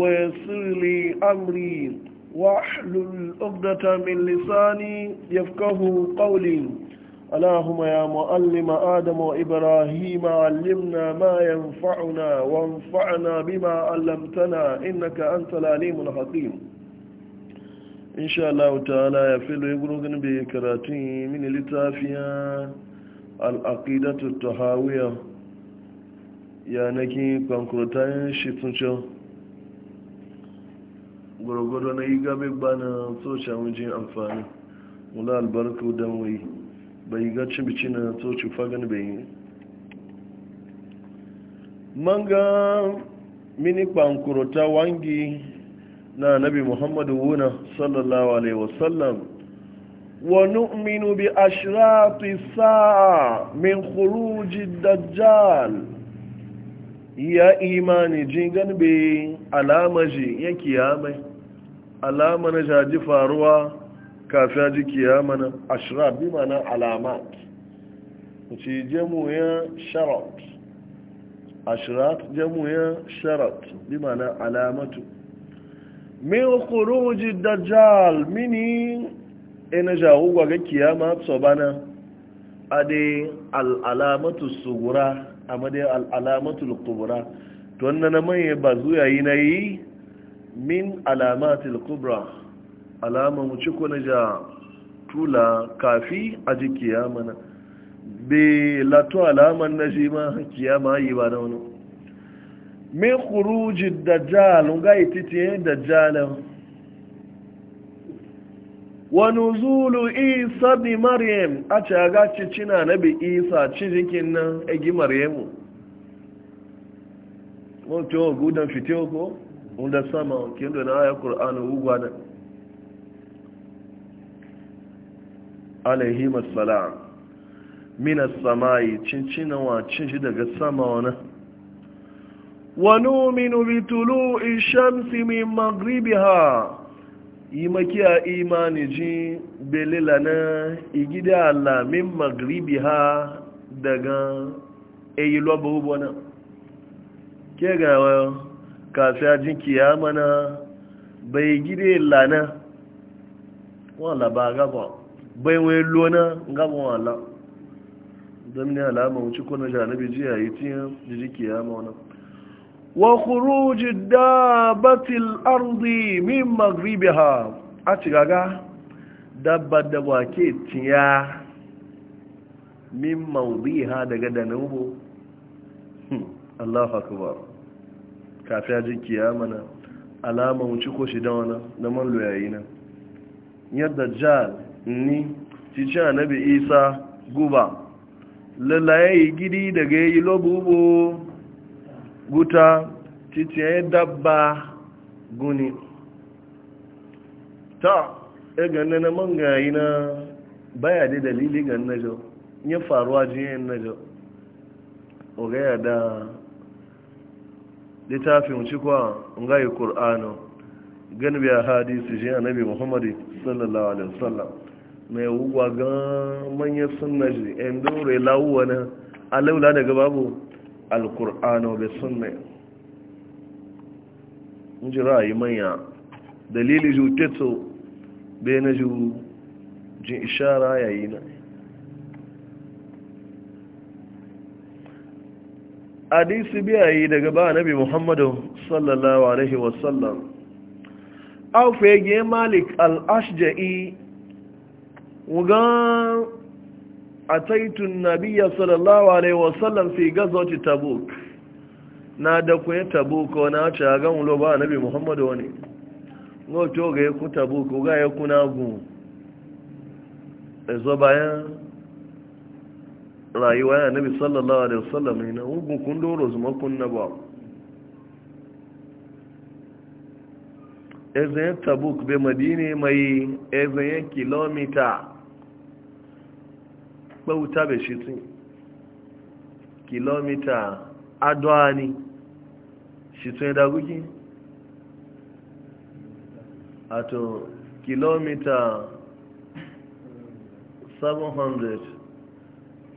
ويسر لي أمري واحلل عقدة من لساني يفقه قولي اللهم يا معلم آدم وإبراهيم علمنا ما ينفعنا وانفعنا بما علمتنا إنك أنت العليم الحكيم إن شاء الله تعالى يفل يقولون بكراتين من لتافيا العقيدة التهاوية يعني كي كونكروتين شيتونشو gwargwado na yi gabe gbana tsoci wajen amfani wani albarku don wai bai ga cibici na tsoci fagen bai yi manga mini kwankurota wangi na nabi muhammadu wuna sallallahu alaihi wasallam ونؤمن bi الساعة sa'a min الدجال dajjal ya imani بي علامة alamaji ya kiyamai. alama na jaji faruwa kafin a ji kiyama na ashirar bi mana alamat ci jamuyan sharot, sharat ashraf sharot sharat bi mana alamatu min khuruji dajjal mini ina jawo gwaga kiyama tsobana ade al'alamatu sugura a madai al'alamatu lukubura. Tun wannan na manya ba zuwa yi na yi min alamatil kubra alaman ci kuna ja tula kafi a ji kiyama na be lato alaman na shi ma kiyama yi ba na wani min kuruji dajjal ga da dajjalin wani zulu isa bi maryam a ce ga cicina na bi isa cikin nan egi maryamu wato gudan fitewa ko wanda sama kendo na aya ƙur'anu ugwa na alaihim assalam min as-samai cincina wa cinci daga sama wana wa nu'minu bi tulu'i shamsi min maghribiha yimaki a imani ji belila na igida Allah min maghribiha daga eyi lobo bona ke ga kafin jin kiyama na bai gide lana wala ba gaba bai wai lona gaba wala don ne alama wuce kuna janabi a yi tiyan jiji kiyama wani wa kuruji batil ardi min ha a cigaga dabba da wake tiya min ha daga danubu hmm, Allahu akbar kafin ya ji kiyama na alama wuce ko shi dawana na man loyayi na yadda jihar ni cikin annabi isa guba lalaye yi gidi daga yi lobubo guta yi dabba guni ta e ganna na man gayi na baya da dalili ganna jau ya faruwa jiyan na jau o gaya da littafin cikwa nga yi ƙur'anu ganibi a hadisi shi annabi muhammadu sallallahu alaihi wasallam mai wuwa gan manya sunna shi yan dore lawuwa na alaula daga babu alƙur'anu bai sunna in ji ra'ayi manya dalili ju teto bai na ju jin ishara yayi na hadisi biyayi daga ba nabi muhammadu sallallahu alaihi wasallam fege malik al-ashja'i wuga wugan ataitun nabiya sallallahu alaihi wasallam fi gazoci tabuk na da kuwa tabuk wani a cagan wulo ba nabi muhammadu wani no to ga ku tabuk ga ya kuna gun ezo bayan rayuwa ya nabi sallallahu alaihi wasallam ne na kun doro zuma kun na ba ezen tabuk be madine mai ezen kilomita bauta be shi kilomita adwani shi tun da guki ato kilomita 700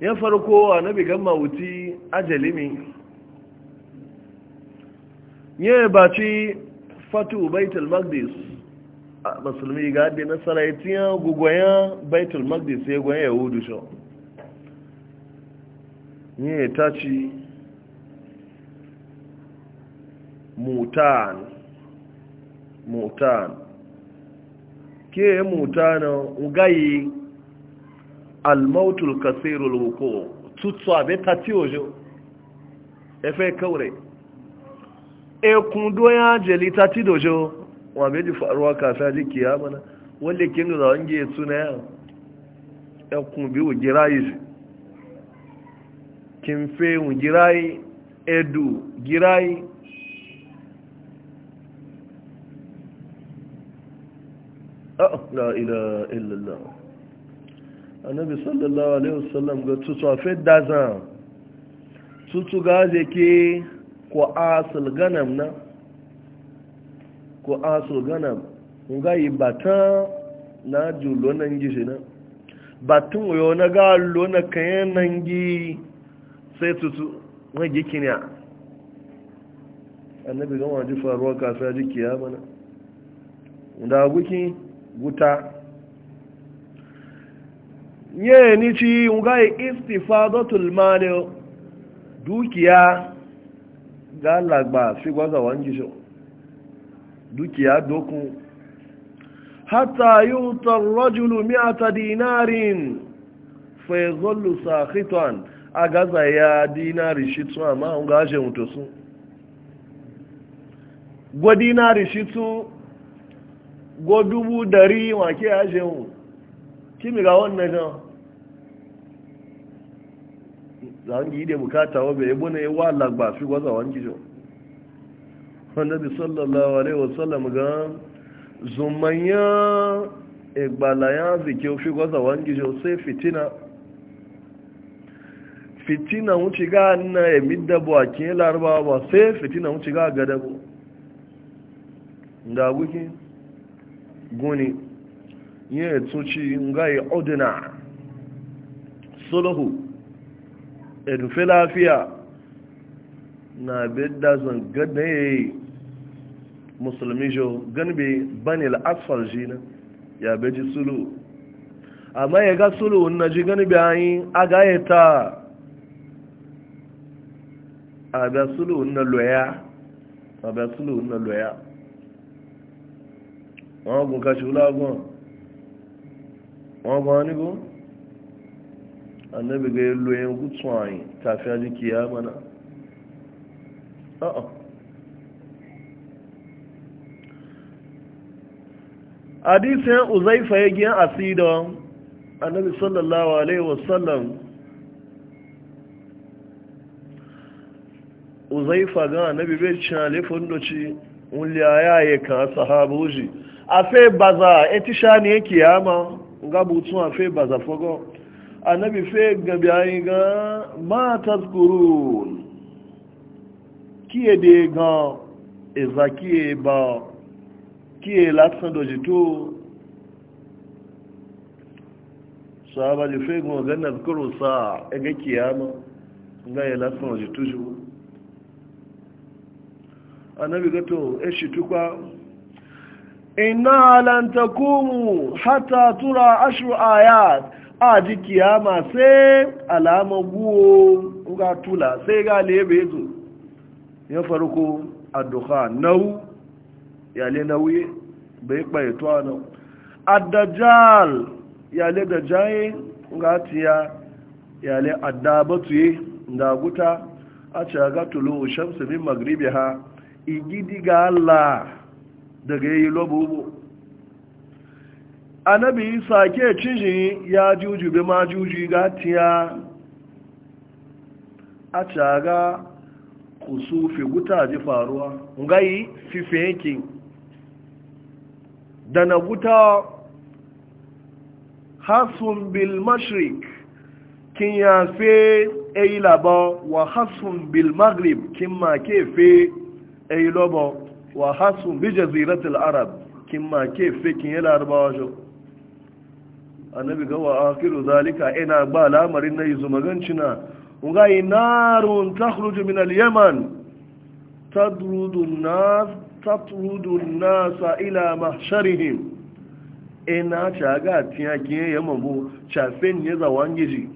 ya farko a annabi gamma wuti ajalimi ya baci fatu baitul maqdis musulmi ga da nasara ya gugoya baitul maqdis ya goya yahudu sho ya taci mutan mutan ke mutana ugayi almautul kasirul wuko tutsu abe ta ti ojo efe kaure ekun doya jeli ta ti dojo wa be ji faruwa kafin aji kiyama na wale kin da wange ya tuna ya ekun bi wugira yi kin fe wugira yi edu gira yi ah, la ilaha illallah annabi sallallahu alaihi wasallam ga tutsafe dazan tutu gaje ke ko asul ganam na ko asul ganam nga yi bata na julo nan gishi na batun yo na ga lo na kayan nan gi sai tutu wani gikin ya annabi ga wani faruwa kafin ya ji kiyama na da gukin guta nye ni ci nga istifadatul mali dukiya ga lagba fi gwaza wangi so dukiya doku hatta yuta ar-rajulu mi'ata dinarin fa yadhullu sakhitan dinari shi amma nga je mutosun gwa dinari shi dari wake zangi ide bukata wa bai bune wa Allah ba fi gwaza wangi jo bi sallallahu alaihi wasallam ga zumanya egbala ya zike fi gwaza wangi jo sai fitina fitina wuce ga na ya midda bu a ke larabawa ba sai fitina wuce ga gada bu da guki guni yin etuci ngai odina sulhu edufe lafiya na bedda zan gada ya yi musulmi jo ganibe banil asfal shi na ya beji sulu amma ya ga sulu na ji ganibe anyi agayeta abia sulu na loya abia sulu na loya wọn gun kashi ulagun wọn gun wani gun annabi ga yin loyin gutsun ayi tafiya jiki ya mana a'a hadisin uzaifa ya giyan asida annabi sallallahu alaihi wasallam uzaifa ga annabi bai cin alifin doci wuliya ya kan sahabuji a fai baza etishani ya kiyama ga butun a fai baza fogon annabi fe gabi ayi ga ma tazkurun kiye de ga eza ba kiye latsan doji to sahaba ji fe ga ga nazkuru sa e ga kiyama ga ya latsan doji to ju annabi ga to e shi tukwa inna lan takumu tura ashiru ayat a ji kiyama sai alama guwo ga tula sai ga lebe zo ya farko duka nau yale nauyi bai kwaito tuwa nau addajal yale da ga tiya yale addabatuye da guta a ce ga tulu shamsu min magribi ha igidi ga allah daga yi lobo anabi sake ciji ya juju bi ma juji gatiya a caga kusufi guta ji faruwa ngayi fife yake da na guta hasun bil mashrik kin ya fe eyi labo wa hasun bil maghrib kin ma ke fe eyi wa hasun bi jaziratul arab kin ma ke fe kin yi larabawa jo annabi ga wa akiru zalika ina ba lamarin na yizu magancina ga yi narun takhruju min al-yaman tadrudu nas tatrudu nas ila mahsharihim ina chaga tiya kiye yamabo chafen ne za wangiji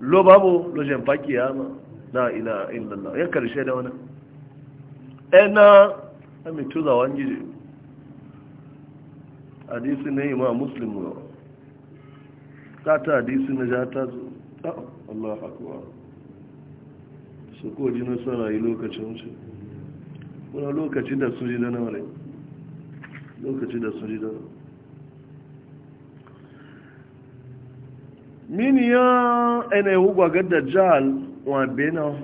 lo babo lo jen paki yama na ila illallah ya karshe da wannan ina ami tuza wangiji hadisi ne imam muslim ne kata hadisi na jata Allah akwai su ko ji nasara yi lokacin su kuna lokaci da su ji da nawa ne lokaci da su ji da mini ya ene hugwa ga jihar wa bena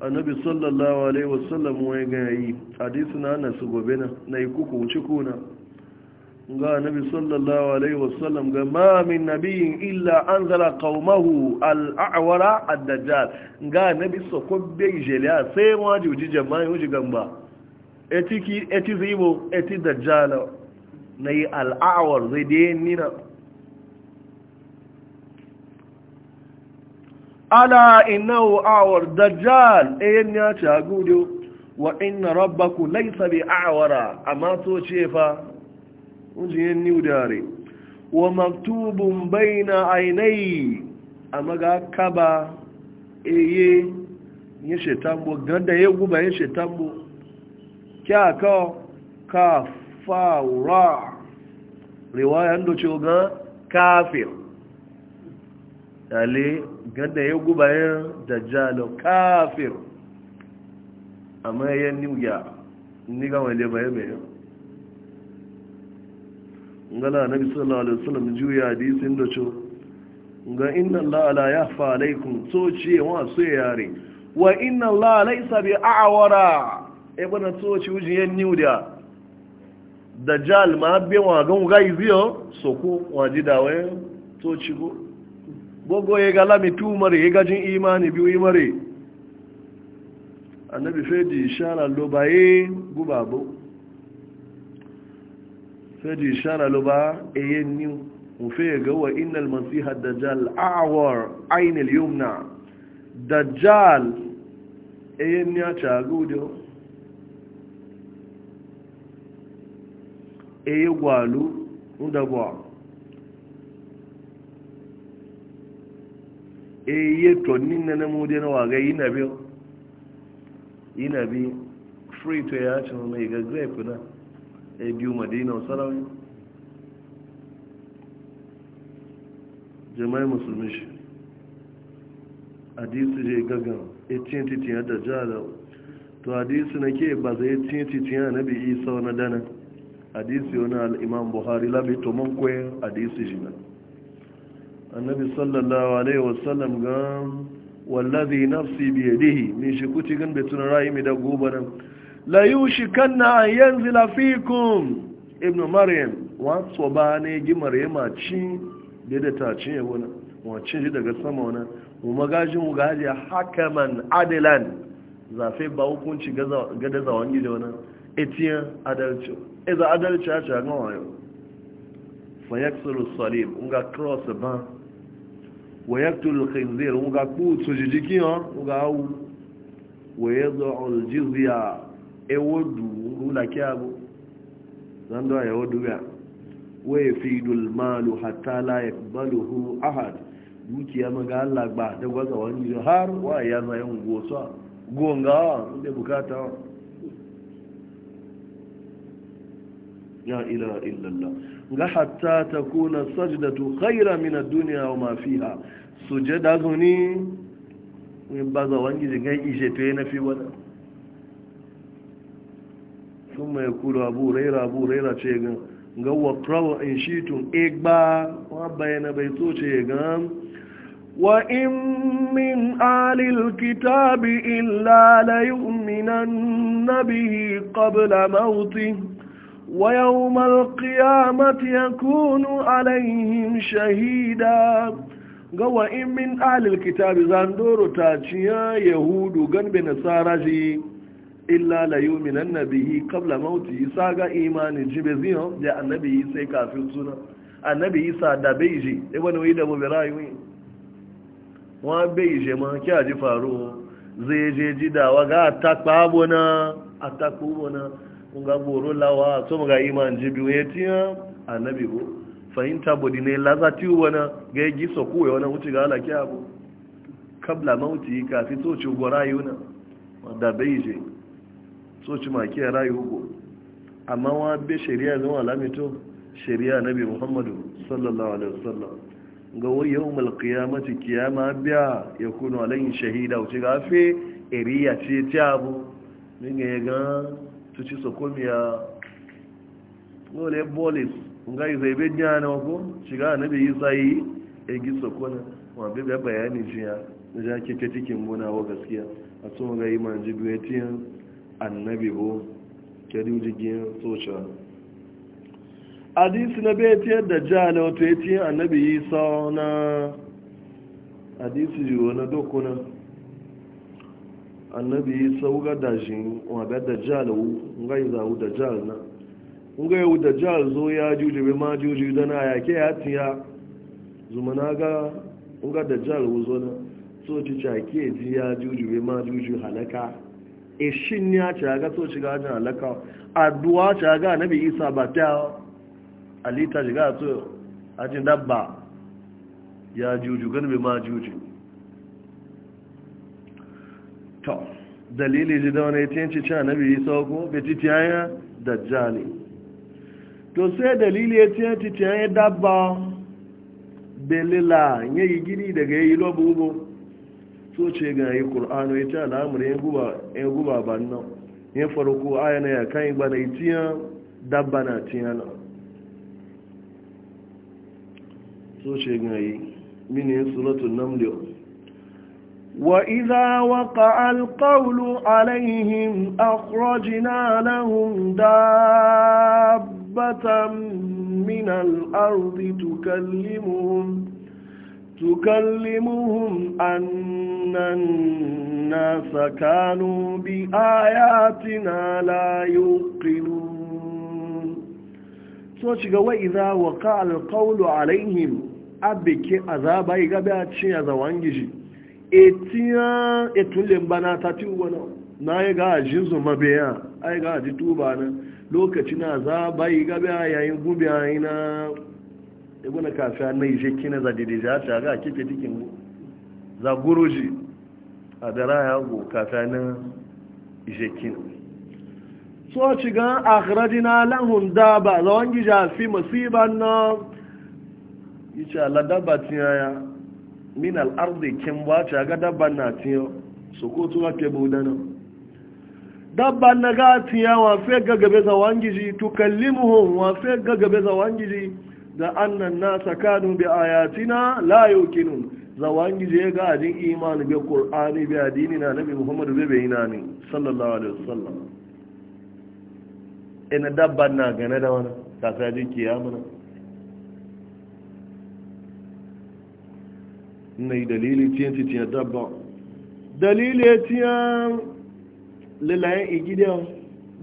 annabi sallallahu alaihi wasallam wai ga yi hadisi na nasu gobe na na yi kuku wuce kuna ga nabi sallallahu alaihi wasallam ga ma min nabiyin illa anzala zara al'awara al'awara dajjal. ga nabi sako bai jeliya sai waje uji jama'i uji gamba etiki eti zibo eti dajjala na yi al'awar zai dai nina ala innahu awar dajjal ɗayan e, ya ci a wa inna rabbaku laisa bi awara amma so ce fa unjiyen new dare wa maktubun baina ainihi a maga kaba eye ya shetambo ganda ya guba ya shetambo kya ka ka fara riwayan da kafir ale ganda ya guba ya dajjalo kafir amma ya new ya ni ga wani mai mai ngala nabi sallallahu alaihi wasallam juya hadisin da cho ga inna allaha la yakhfa alaikum so ce wa so yare wa inna allaha laysa bi a'wara e bana so ci ujiyen da dajjal ma be wa gan ga izio soko waji dawe ya ci go bogo ye gala mi tumare ya gajin imani biyu imare annabi fe di ishara lo feji ishara lo ba eye ni mu fe ga wa innal masiha dajjal a'war ayn al yumna dajjal eye ni a ta gudo eye gwalu ndabwa eye to ninna na mu de na wa ga inabi inabi free to ya ta mai ga grape na ɗaya biyu madina sarawi jama'i musulmi shi hadisu je gagan etin titiya da jala to hadisu na ke ba zai etin titiya na bi isa wani dana hadisu yana al'imam buhari labi to man kwaye hadisu shi na annabi sallallahu alaihi wasallam gan wallazi nafsi biyadihi min shi kuti gan betun rayu mi da gobaran la yushikanna an yanzila fikum ibn maryam wa tsoba ne gi maryama ci da da ta ci yabo na wa ci shi daga sama wana mu magajin mu gaji hakaman adilan zafe ba hukunci ga da zawon gida wana etiyan adalci iza adalci ya ci a gawa yau fa yaksiru salib unga cross ba wayaktul yaktul khinzir unga kutu jijikin unga awu hau wayaktul jizya ewodu rula kyabo zando ya wodu ya wa yafidul malu hatta la yakbaluhu ahad dukiya maga Allah ba da gwaza wani har wa ya zayen gosa gonga da bukata ya ila illallah ga hatta takuna sajdatu khayra min ad-dunya wa ma fiha sujada zuni in baza wani da gai ishe to yana fi wani sun mai kuru abu raira abu raira ce gan ga wakrawa in shi tun igba wa bayana bai so ce gan wa in min alil kitabi illa la na nabihi kabla mauti wa yawmal qiyamati kunu alaihim shahida ga wa in min alil kitabi zandoro ta ciya yahudu gan be nasara ji illa la yuminan kabla qabla mauti saga imani jibe ziyo da annabi sai kafin suna annabi isa da beiji e wani wai da mubira yi wa beiji ma kya ji faru zai je ji da wa ga atakpa abona atakpa abona kun ga goro lawa so mu ga iman jibi we tiya annabi bo fahimta bodi ne lazati wana ga gi so kuwe wani wuce ga ala kya bo kabla mauti kafin so ci gora da beiji so ci maki a rayu ko amma wa be shari'a zama lamito shari'a nabi muhammadu sallallahu alaihi wasallam ga wa yawmal qiyamati kiyama biya yakunu alayhi shahida wuce ga fe eriya ce ta abu ninga ga tuci sokomiya ngole bolis yi zai be nyana ko shiga na isa yi e gi sokona wa be bayani jiya na jake ke cikin gona wa gaskiya a tsohon ga yi ma jibiyar tiyan annabi bu kedu jigin socha hadisi na bai tiye da jihar wato ya e tiyar annabi yi sa na hadisi jiro na dokuna annabi yi sauga da shi wadda da jihar wu nga yi zahu da jihar na nga yi da jihar zo ya juji bai ma juji da na ke ya tiya zumana na ga nga da jihar wu zo na so ci cake ji ya juji bai ma juji halaka ishin ya ce ga so shiga jin alaka addu'a ce ga nabi isa ba ta alita shiga so ajin dabba ya juju gan bai ma juju to dalili ji da wani tinci ce nabi isa ko bai titi da dajjali to sai dalili ya tinci ce dabba belila yayi gini daga yayi lobo so ce ga yi ƙul'anu ya ce al'amurin ya guba ban nan ya farko aya na ya kan yi gbada itiya dabba na tiya na so ce ga yi mini suratun namdiyo wa iza waka alkaulu alayhim akrojina lahun dabbatan minal arziki tukallimun تكلمهم أن الناس كانوا بآياتنا لا يوقنون سوچ وإذا وقع القول عليهم أبك أذابا يقبع تشي أذوانجي etiya etulin bana ta tiwona na ya ga jinsu mabiya ai ga ji tuba na lokaci na za bai gabe yayin gube na ibuna kafiya na yi shekki na zadidi a ta a kife tikin mu za guruji a dara ya go kafiya na shekki kina. so ci ga akhrajina lahum daba za wangi ja fi masiba na yace la daba tiya ya min al ardi kin ba ta ga daba na tiyo so ko tuwa ke budana dabba na ga tiya wa fe gagabe za wangi ji tukallimuhum wa fe gagabe za wangi ji da annan nasa kanu bi ayatina la yukinun zawangi je ga adin imani bi qur'ani bi adini na nabi muhammad bi bayina ni sallallahu alaihi wasallam ina dabba na gane da wani kasa ji kiyama na ne dalili tiyan tiyan dabba dalili tiyan lilayen igidiyan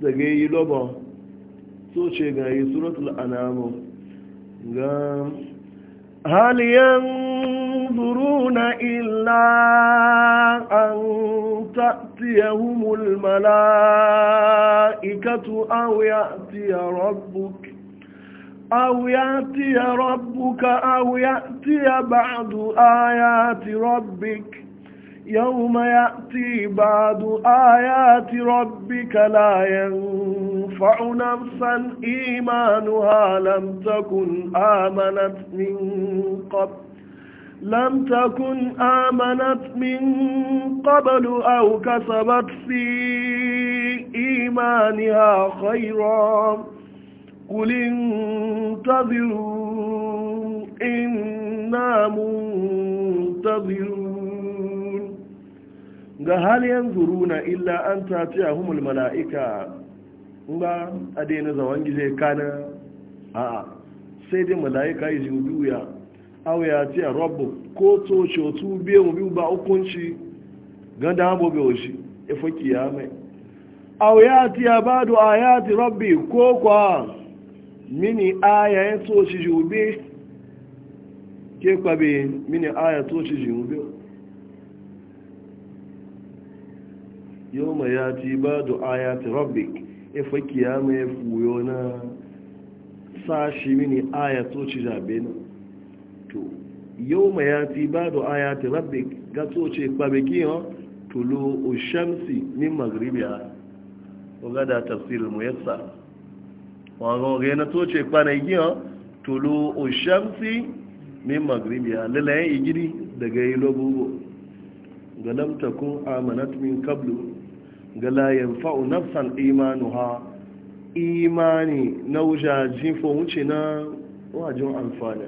daga yi lobo so ce ga yi suratul anamu نعم. هل ينظرون إلا أن تأتيهم الملائكة أو يأتي ربك أو يأتي ربك أو يأتي بعض آيات ربك يوم يأتي بعض آيات ربك لا ينفع نفسا إيمانها لم تكن آمنت من قبل لم تكن آمنت من قبل أو كسبت في إيمانها خيرا قل انتظروا إنا منتظرون ga hal runa illa an humul mala'ika ba a daina zawon gije kana a sai dai mala'ika yi juya aw ya ce rabu ko to otu be mu biyu ba hukunci ga da abu biyu shi e fa ce a ya ti abadu ayati rabu ko kwa mini aya ya to zuwa biyu ke kwabe mini aya to zuwa biyu yau mai ya ci ba ya rabbik ifa kiyama ya fuyo na sashi mini ayato ci zabe na to yau mai ya ci ba ya rabbik ga to ce kwabeki yau tulu ushamsi min magribiya oga da tafsir muyassa wọn gan oge na to ce kwanagi yau tulu ushamsi min magribiya lalayen igiri daga yi ilobubo ga lamtakun amanat min kablu ga layan na nafsan imanu ha imani na wujajin fomuci na wajen amfani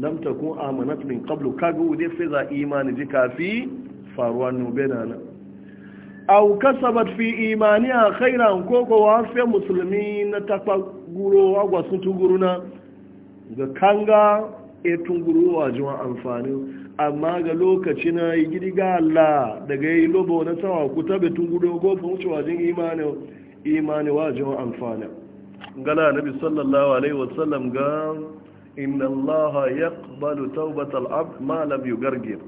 lamta kun amanat min kablu kaga wude za imani ji kafi faruwa nube na nan au kasabat fi imani a khairan koko fi musulmi na takwa guro agwasun tuguru na ga kanga etun wajen amfani amma ga lokaci na yi gidi ga Allah daga yi lobo na sawa ku tabe tun gudu gofa wuce wajen imani imani wajen amfana gana nabi sallallahu alaihi wasallam ga inna Allah ya kubalu taubat al'ab ma lam gargir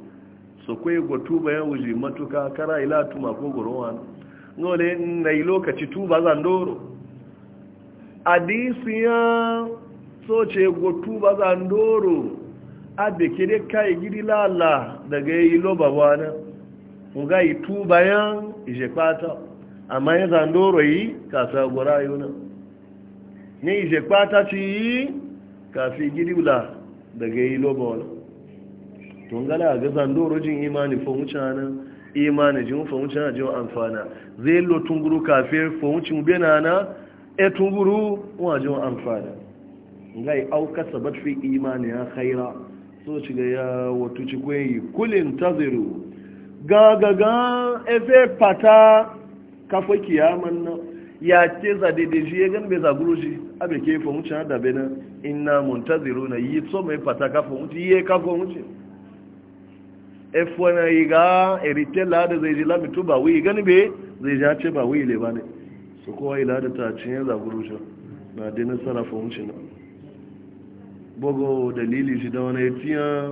su kai go tuba ya wuji matuka kara ila tuma ko gorowa ne na yi lokaci tuba zan doro hadisi ya so ce go tuba zan doro abe kere kai gidi lala daga yi loba wani nga yi tu bayan ije kpata amma ya zandoro yi kasa gora yuna ne ije kpata ci yi kafi gidi la daga yi loba wani tungala ga zandoro jin imani fomucanin imani jin na jin amfana zai lo tunguru kafe bena na e tunguru wajen amfana yi auka sabat fi imani ya khaira so ci ga ya wato ci kwayi kulin taziru gagaga efe pata kafa kiyaman na ya ce za daidai shi ya gan bai zaguru shi abe ke fa mucin da bena ina montaziru na yi so mai pata kafa mucin yi kafa mucin efo na yi ga erite lada zai ji lamitu ba wuyi gani be zai ja ce ba wuyi le ba ne su kowa yi lada ta cinye zaguru shi na dina sarrafa mucin nan bugu dalili shi da wani tiya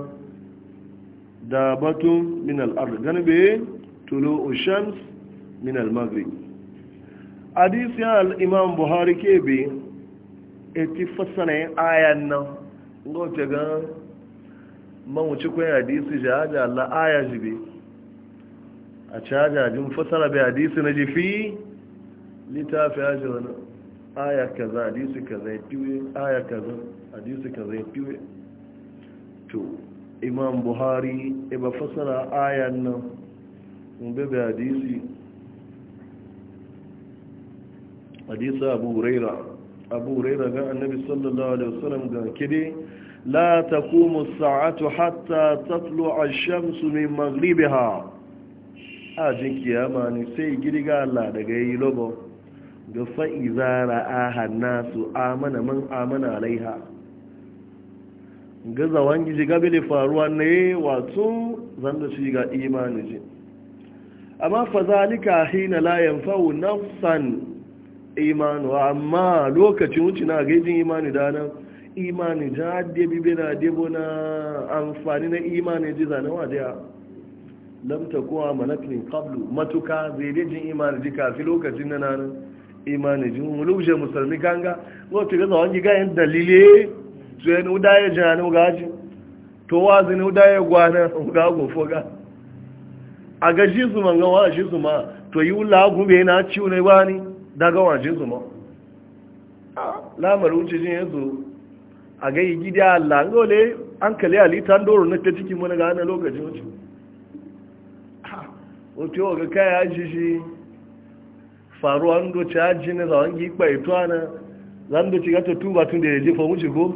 da batun min al'ar ganibe tulo oceans min al-maghrib al imam buhari kebe eti fassanayin ayan nan te ga mawuci kwan hadisi jaja Allah aya bi. a cajajin fassara bai hadisi na ji littafi litafi ji wani aya kaza hadisi kaza ya aya kaza hadisi ka zai fiye to imam buhari e ba fasara ayan nan bebe hadisi hadisi abu raira abu raira ga annabi sallallahu alaihi wasallam ga kide لا تقوم a حتى تطلع الشمس من a ajin ma ne sai girga Allah daga yi lobo ga fa'iza a hannasu amana man amana alaiha gaza wangi ji gabe da faruwa ne wato zanda shi ga imani ji amma fa zalika hina la yanfa'u nafsan imanu amma lokacin wuce na gajin imani da nan imani ja de bibe na debo na amfani na imani ji zane wa da lam takuwa malakin qablu matuka zai jin imani ji kafi lokacin na nan imani ji mu luje musulmi ganga wato gaza wangi ga yan dalile zuwa ni uda ya jana ga ji to wazi ni uda ya gwana ga gofo ga a ga shi zuma ga wa shi zuma to yi wula gube na ciwo ne ba ni daga wa shi zuma ah, lamar wuce jin yanzu a ga yi gidi Allah ngole an kale alita ndoro na ta ciki mana ga ana lokacin wuce wato ga ah, kaya ji shi faruwa ndo ci aji ne zawon gi kwa ito ana zan do ci gata tuba tun da ya jefa wuce ko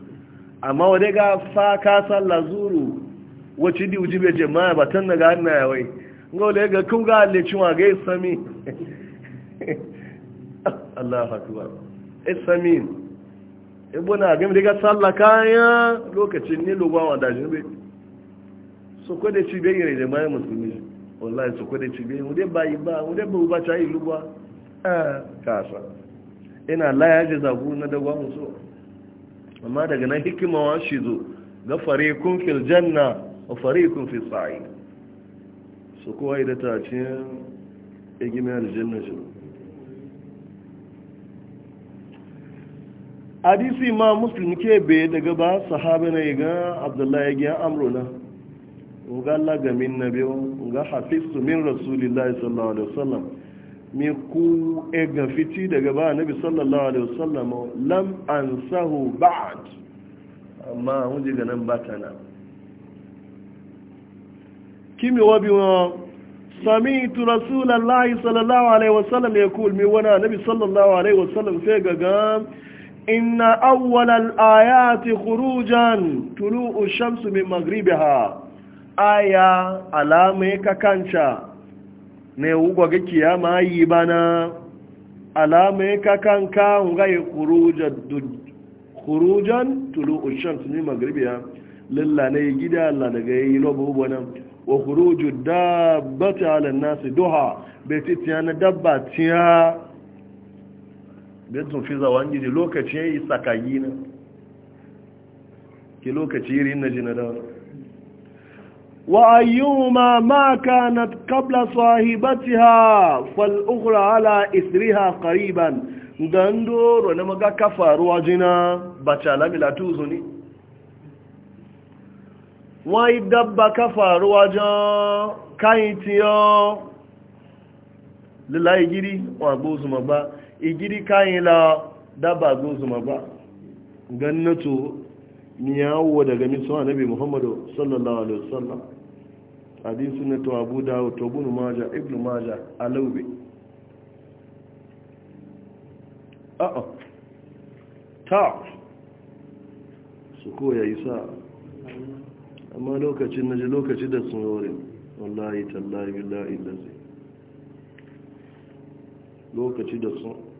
amma wadai ga fa ka salla zuru wacce di ujibe jama'a ba tun daga hannu ya wai ga wadai ga kun ga halicci wa ga isami Allah akbar isamin ibuna ga mi daga salla kaya lokacin ni lokwa wa da bai so kwada da cibe yare jama'a musulmi online so kwada da bai mu ba bayi ba mu dai ba ta yi lugwa a ah, kasa ina la ya zagu na dagwa musulmi amma daga nan hikimawa shi zo ga farikun fil janna farikun fil su kowa yi da tacin egime aljanna shi hadisi ma muslim ke be daga ba sahaba ne ga abdullahi ya amro na ga lagamin na min nabiyo ga su min rasulillahi sallallahu alaihi wasallam mi ku e gafiti daga ba nabi sallallahu alaihi wasallam lam ansahu ba'd amma hun je ganan batana kimi wabi wa sami'tu rasulullahi sallallahu alaihi wasallam yaqul mi wana nabi sallallahu alaihi wasallam sai gaga inna awwalal ayati khurujan tulu'u shamsu min maghribiha aya alama kakanca ne ugwa ga kiyama yi bana alama ya kakan hunga gaye kurujan tulu ushan tuni ne magribiya lalla ne gida alla daga yi lobo bana wa kuruju dabbata ala nasi doha bai tiya na dabba tiya bai tun fi zawon gidi lokaci ya yi sakagi na ke lokaci irin na dawa. وأيهما ما كانت قبل صاحبتها فالأخرى على إثرها قريبا دندور ونمغا كفر وجنا بچالا بلا توزني ويدب كفر وجا كايتيا للا يجري وابوز مبا يجري كاين لا دبا غوز مبا غنتو miyawo daga misun nabi muhammadu sallallahu alaihi wasallam hadisu suna to abu dawud to maja, ibnu maja majah alawbi a'a ah, ah. ta su ko ya isa amma lokacin na ji lokaci da sun yore wallahi tallahi billahi lazi lokaci da sun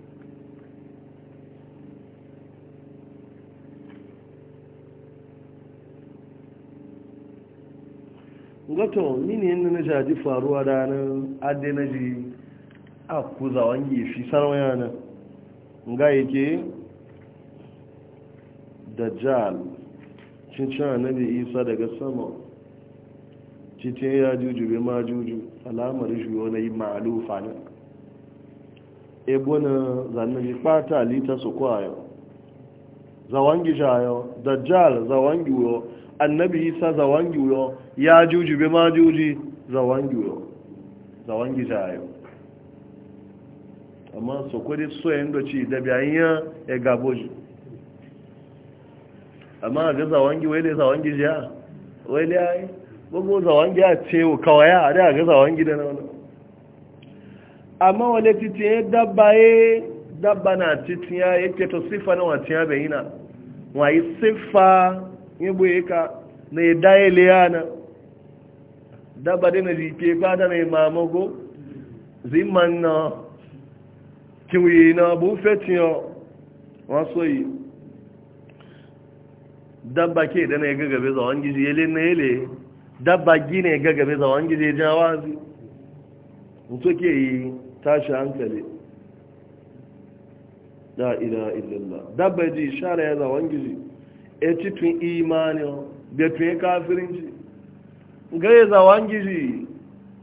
gato mini yadda na shaji faruwa da adi na ji a kuza wangi fi sarwa yana ga yake dajjal cincin annabi isa daga sama cincin ya juju bai ma juju alamar shi wani yi ma'alufa ne ebo na zannabi fata lita su kwayo zawangi shayo jal zawangi wuyo annabi isa zawangi yo ya juji be ma juji zawangi yo zawangi jayo amma so ko dai so ci da ya e ji amma ga zawangi wai dai zawangi ja wai yi gbogbo zawangi a ce kawai a da ga zawangi da wani amma wale ya dabba ye dabba na titiya yake to sifa na ya bayina wa yi sifa yabo ya ka na ya daye liyana daba da na jike fata na imamago zimman na kiwi na bufetin yau wasu yi dabba ke da na ya gagabe zawon gizi yale na yale dabba gina ya gagabe zawon gizi ya jawazi mutu ke yi tashi hankali da ila illallah dabba ji shara ya zawon gizi etitun imani betun kafirinci gaya zawon gizi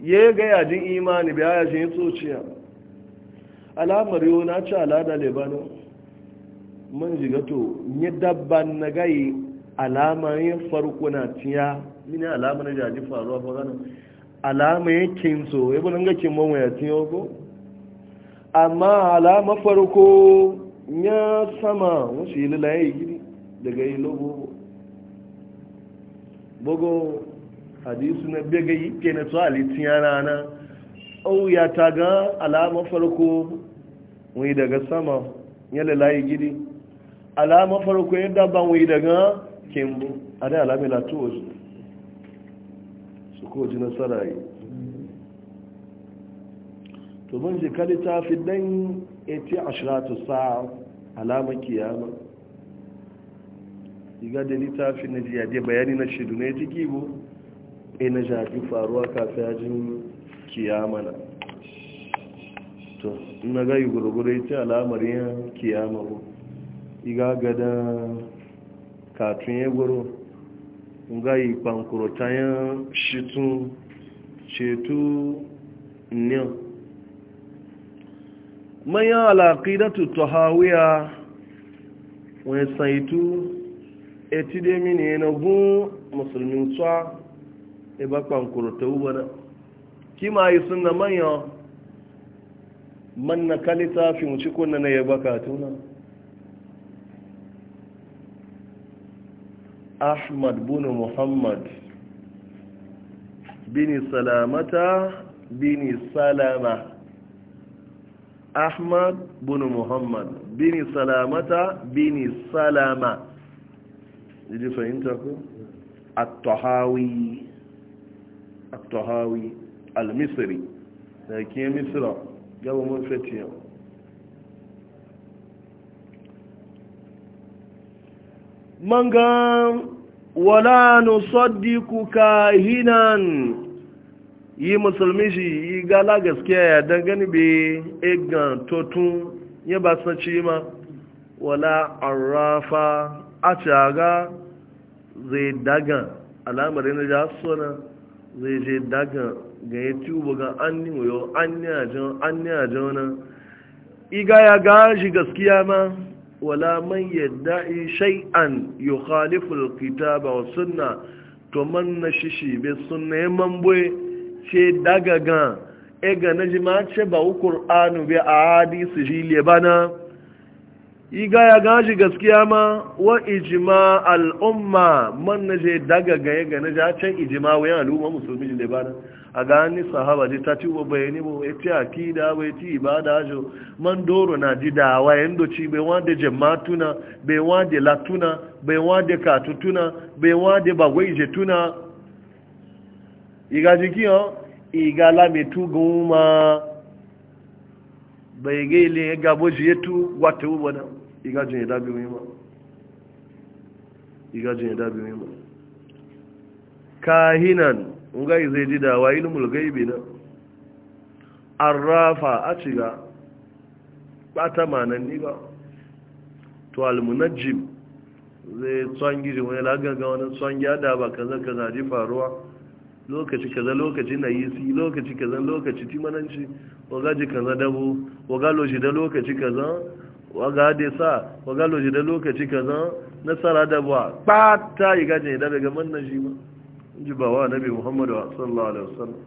ye gaya jin imani bai haya jin tsociya alamar yau na ci alada lebanon man jigato ni dabban na gai alamarin farko na tiya mini alamar na jaji faruwa fagana alamarin kinso ya bunan ga kinman ya tiyo ko amma alama farko ya sama wasu yi lalaye gidi daga yi bogo hadisu na bega yi ke na tsohali tiya rana auya alama farko wani daga sama yadda layi gidi alama farko yadda ban wani daga kimbo a da alami latuwa su koji nasara yi to ban jikali ta fi dan eti ashiratu sa'a alama kiyama diga da littafin na jiya bayani na shidu ne ta gibo e na jafi faruwa kafin yajin kiyama na to na ga yi gurguru ita alamar yin kiyama iga gada katun ya guru nga yi kwankurota yin shitun ceto niyan manyan alaƙidatu ta hawiya wani saitu eti dai mini na gun musulmin tsuwa e bakwan kurta ubana kima yi sunna manya man na kalita fi wuce kunna na ya baka tuna ahmad bin muhammad bin salamata bin salama ahmad bin muhammad bin salamata bin salama ji fahimta ko at-tahawi at-tahawi al-misri da ke misra gaba mun fetiya manga wala nusaddiku kahinan yi musulmi shi yi gala gaskiya ya dangane be egan totun ya ba ci ma wala arrafa a caga zai daga alamar yana ja suna zai je daga ga ya tuba ga an ni an an iga ya gashi gaskiya ma wala man yi shay'an kita ba wa sunna to man na shishi bai suna ya boye ce daga ga ega ga jima ce ba qur'anu a ahadisi jile bana iga ya gaji gaskiya ma wa ijima al'umma man na je daga gaye ga na jacen ijima wa yin al'umma musulmi da ba a gani sahaba ji ta ci bayani ba ya ci akida ba ya ci ibada ajo man doro na ji dawa yan doci bai wade jama'atuna bai wade latuna bai wade katutuna bai wade bagwai jetuna iga jikiyo iga lamitu goma bai gaile gabo shi tu wata ubanan igajin idabi mima igajin idabi mima kahinan ngai zai ji dawa ilmul gaibi na arrafa a ciga bata manan ni ba to almunajjim zai tsangi ji wani lagaga wani tsangi da ba kaza kaza ji faruwa lokaci kaza lokaci na yi si lokaci kaza lokaci timananci waga ji kaza dabu waga loshi da lokaci kaza waga da sa waga loji da lokaci kaza nasara da ba ta yi gajin idan daga man na shi ba ji ba wa nabi muhammadu wa sallallahu alaihi wasallam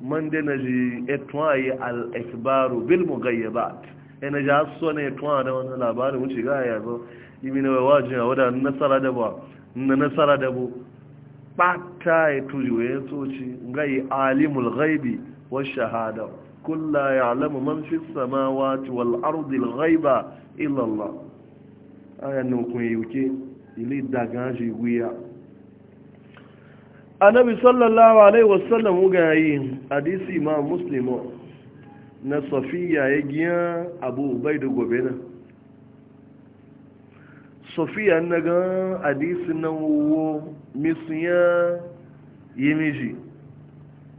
man da na ji etwaye al-ikbaru bil mughayyabat ina e ji so na etuwa da wani labarin wuce ga ya zo yimi na wajin wada nasara da ba na nasara da bu ta yi tuji wa ya soci gai alimul gaibi wa shahada kulla ya alamu man fi samawati wal ardil ghaiba illa Allah aya nan kun yuke ile daga ji guya annabi sallallahu alaihi wasallam ga yi hadisi ma muslimu na safiya ya giya abu ubaidu gobe na safiya na ga hadisi na wuwo misiyan misiya miji,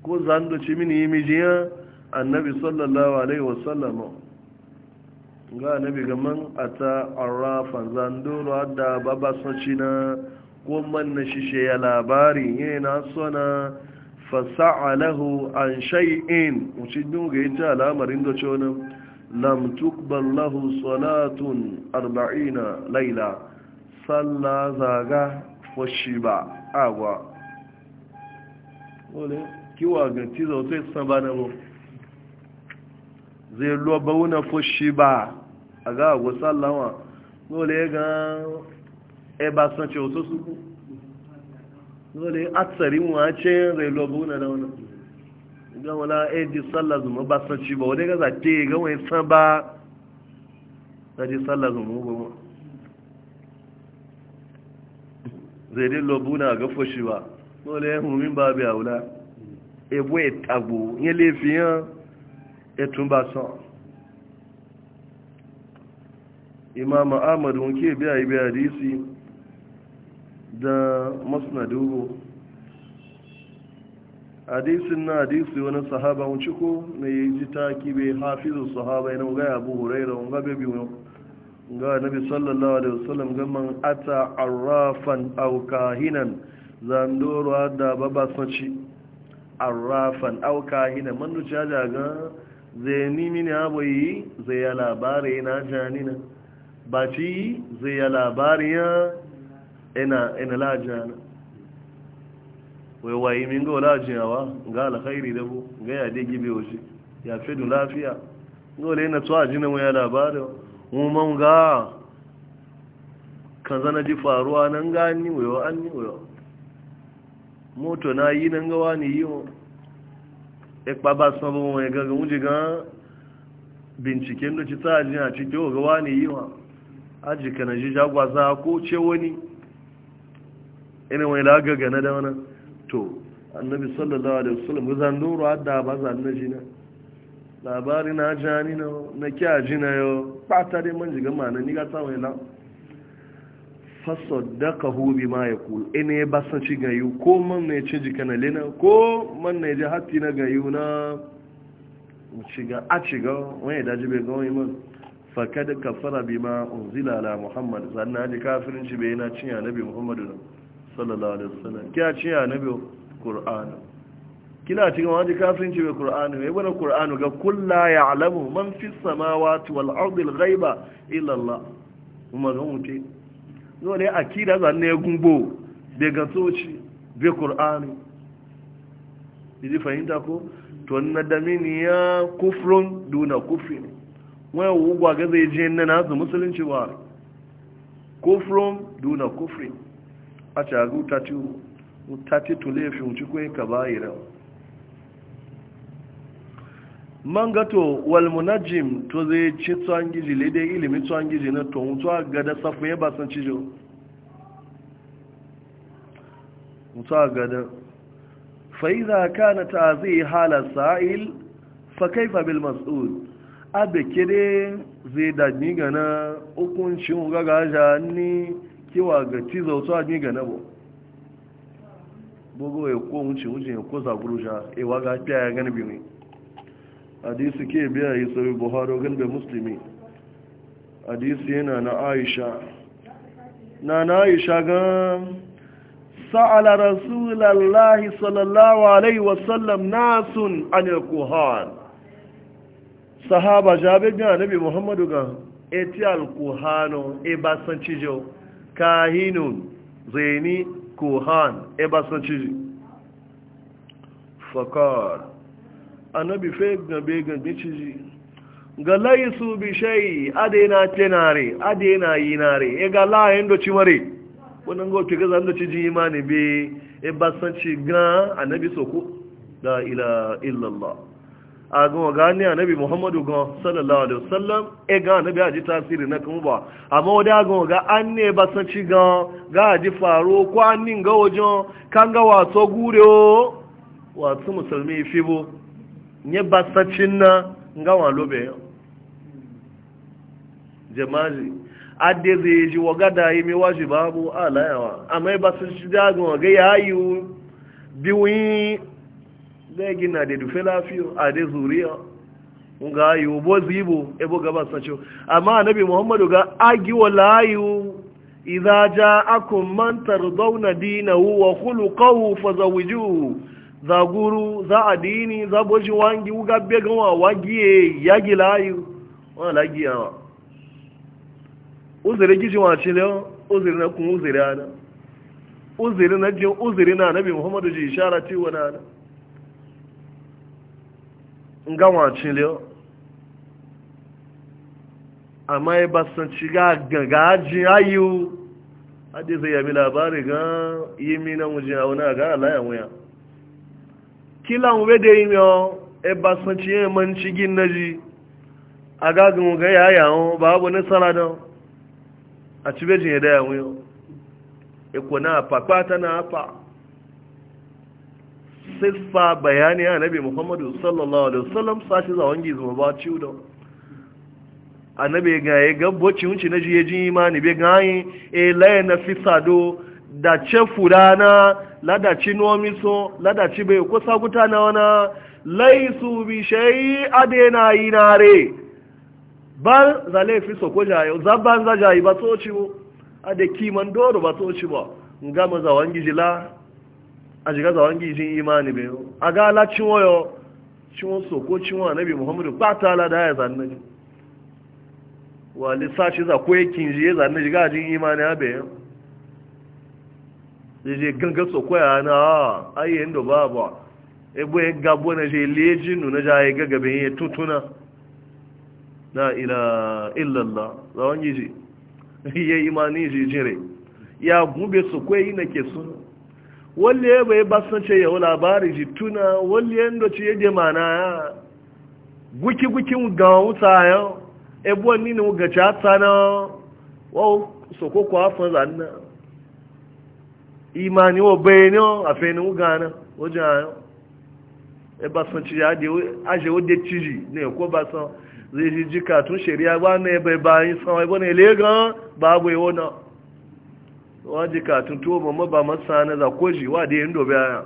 ko zando ci mini miji ya annabi sallallahu alaihi wasallama ga annabi gaman a ta arrafan zandoro da babasoci na gwamnan na shishe ya labari yana sona fasa'alahu an shay'in Wuce ga ya ta alamarin da cewa lam tukballahu salatun arba'ina laila salla zaga fashi ba agwa wale kiwa ga tizo sai san na mu zai luwa bauna fushi ba a ga agwasan lawa dole ga eba san ce wasu suku dole atsari mu a ce zai luwa wuna da wuna ga wala edi sallah zuma ba san ci ba wadai ga te ga wani e san ba na ji sallah zuma ba ma zai dai luwa wuna ga fushi ba dole ya mummin ba biya wula ebo e ya tagbo ya lafiyan etun ba son imam ahmad wanke biya ibi hadisi da masnadu hadisin na hadisi wani sahaba wuce ko na yi ji taki bai hafizu sahaba yana ga abu huraira ga bebi ga nabi sallallahu alaihi wasallam ga man ata arrafan aw kahinan zandoro da baba sanci arrafan aw kahinan man nuce ga zai ni mini abu yi zai ya labari na janina ba ci zai ya labari ya ina ina lajana wai wayi min ga lajiyawa ga alkhairi da bu ga ya dai gibe wace ya fi du lafiya dole na tsawa jina mu ya labari mu man ga kaza na ji faruwa nan gani ni wayo an ni wayo moto na yi nan gawa wani yi ikpa ba san ba wani gaga wuji gan binciken da ci ta ji a cikin ga wani yi wa aji kana ji jagwaza ko ce wani ina mai lagaga na da wani to annabi sallallahu alaihi wasallam zan nuru adda ba zan na na labari na jani na na kya jina yo pata de man jiga na ni ga wani lan fasaddaqahu bima yaqul ene ba san ci gayu ko man ne ci jika na lena ko man ne ji hatti na gayu na ciga a ga wani da jibe ga wani man fakad kafara bima unzila ala muhammad sannan ji kafirin ci bai na cin nabi muhammadu sallallahu alaihi wasallam ki kiya cin annabi qur'an kila cikin wani kafirin ci bai qur'an ne bana qur'an ga kullu ya'lamu man fis samawati wal ardi al ghaiba illa allah kuma ga mutai dole akida zanne gumbo daga soci be qur'ani idi fahimta ko to na damini ya kufrun duna kufri wai wugwa ga zai je nan na musulunci ba kufrun duna kufri a ta gu ta tule fi mu ci ko ka bayira mangato gato wal munajjim to zai ci tsohon giji lede ilimin tsohon giji na to mutu a gada safin ya ba san cijo mutu a gada fa'iza ka na ta zai hala sa'il fa kaifa bil mas'ud abe kere zai dajni gana hukuncin gagaja ni kiwa ga cizo to e e e ni gana bu gbogbo ya ko wuce ya ko zaguru sha ewa ga fiye ya gani biyu ne hadisi ke biya yi sabi buhari gan da musulmi hadisi yana na aisha na na aisha gan sa'ala rasulallahi sallallahu alaihi wasallam nasun anil kuhan sahaba jabe na nabi muhammadu gan eti alkuhano e basan cijo kahinun zaini kuhan e basan cijo fakar annabi fe gabe gabe ciji ga laisu bi shayi adena tenare adena yinare e ga la endo chimare wannan go tiga zan da ciji imani be e basan ci ga annabi soko la ilaha illallah a ga ni annabi muhammadu ga sallallahu alaihi wasallam e ga annabi aji tasiri na kuma ba amma wada ga ga an ne basan ci ga ga aji faro kwanin ga wajen kan ga wato gure o wasu musulmi fibo nye basacin na ngawa lobe yau jamaji ade zai ji wagada yi waji babu alayawa amma e ya basacin dagun waga ya yi biwuyi gagi na da dufe lafiyo a da zuriya nga yi ubo zibo ebo gaba sacho amma anabi muhammadu ga agi wala yi idza ja'akum man tardawna dinahu wa khuluquhu fazawijuhu za guru za adini za boji wangi uga bega wa wagie yagi layu wa lagi yawa uzuri gishi wa chile uziri na kun uziri ana Uziri na jin uziri na nabi muhammadu ji ishara ti wa ana. nga wa chile amma e ya basan ga gagajin ayu hadisa ya mi labari ga yi na mujin a wani a ga wuya kila nwe da ime o e basanci yin manci gin na ji a gagin ga ya yawon ba abu nasara don a ci bejin ya da yawon iko e na afa kwata na afa siffa bayani a nabi muhammadu sallallahu alaihi wasallam sashi zawon gizo ba ciwo don annabi ga ya gabbo ci wuce na ji ya ji imani bai ga yi e laye na fi sado da ce furana ladaci nomiso ladaci bai kusa guta na wana laisu bi shayi adena yi na re ban za laifi so ko jayo zabban za jayi ba so ci a da kiman doro ba so ci ba nga ma za wangi jila a jiga za wangi jin imani bai a ga la ci woyo ci won so ko ci won annabi muhammadu ba ta la da ya zanna wa ci za ko yakin e je zanna jiga jin imani abe yau je ganga so koya na ah, ayi ndo baba e bo e gabo na je leji nu na ja e gaga be e tutuna la ila illa allah lawan yi ye imani ji jire ya gube su koyi na ke suna walle bai basance yau labari ji tuna walle ndo ci yaje mana ga wuta yau e imani wo bayani wo afeni wo gana wo san e aje wo ciji ne ko ba san ji jika tun shari'a bai san bane le gan babu na wa jika tun to mamma ba koji wa de ndo baya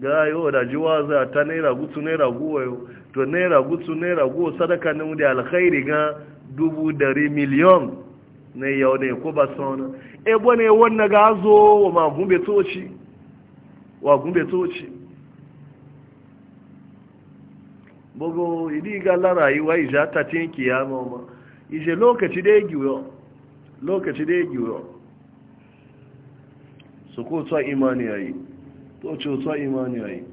ga yo da jiwa za ta naira gutsu naira guwayo to naira gutsu naira guwa sadaka ne mu da alkhairi ga dubu dari miliyon ne yau ko ba san Ebe ne wannan ga azụ wa magun betoci wa gun betoci bogo idi ga la rayuwa ija ta ya kiyama ije lokaci da giwo lokaci da giwo soko ko tsa imani yayi to ce tsa imani yayi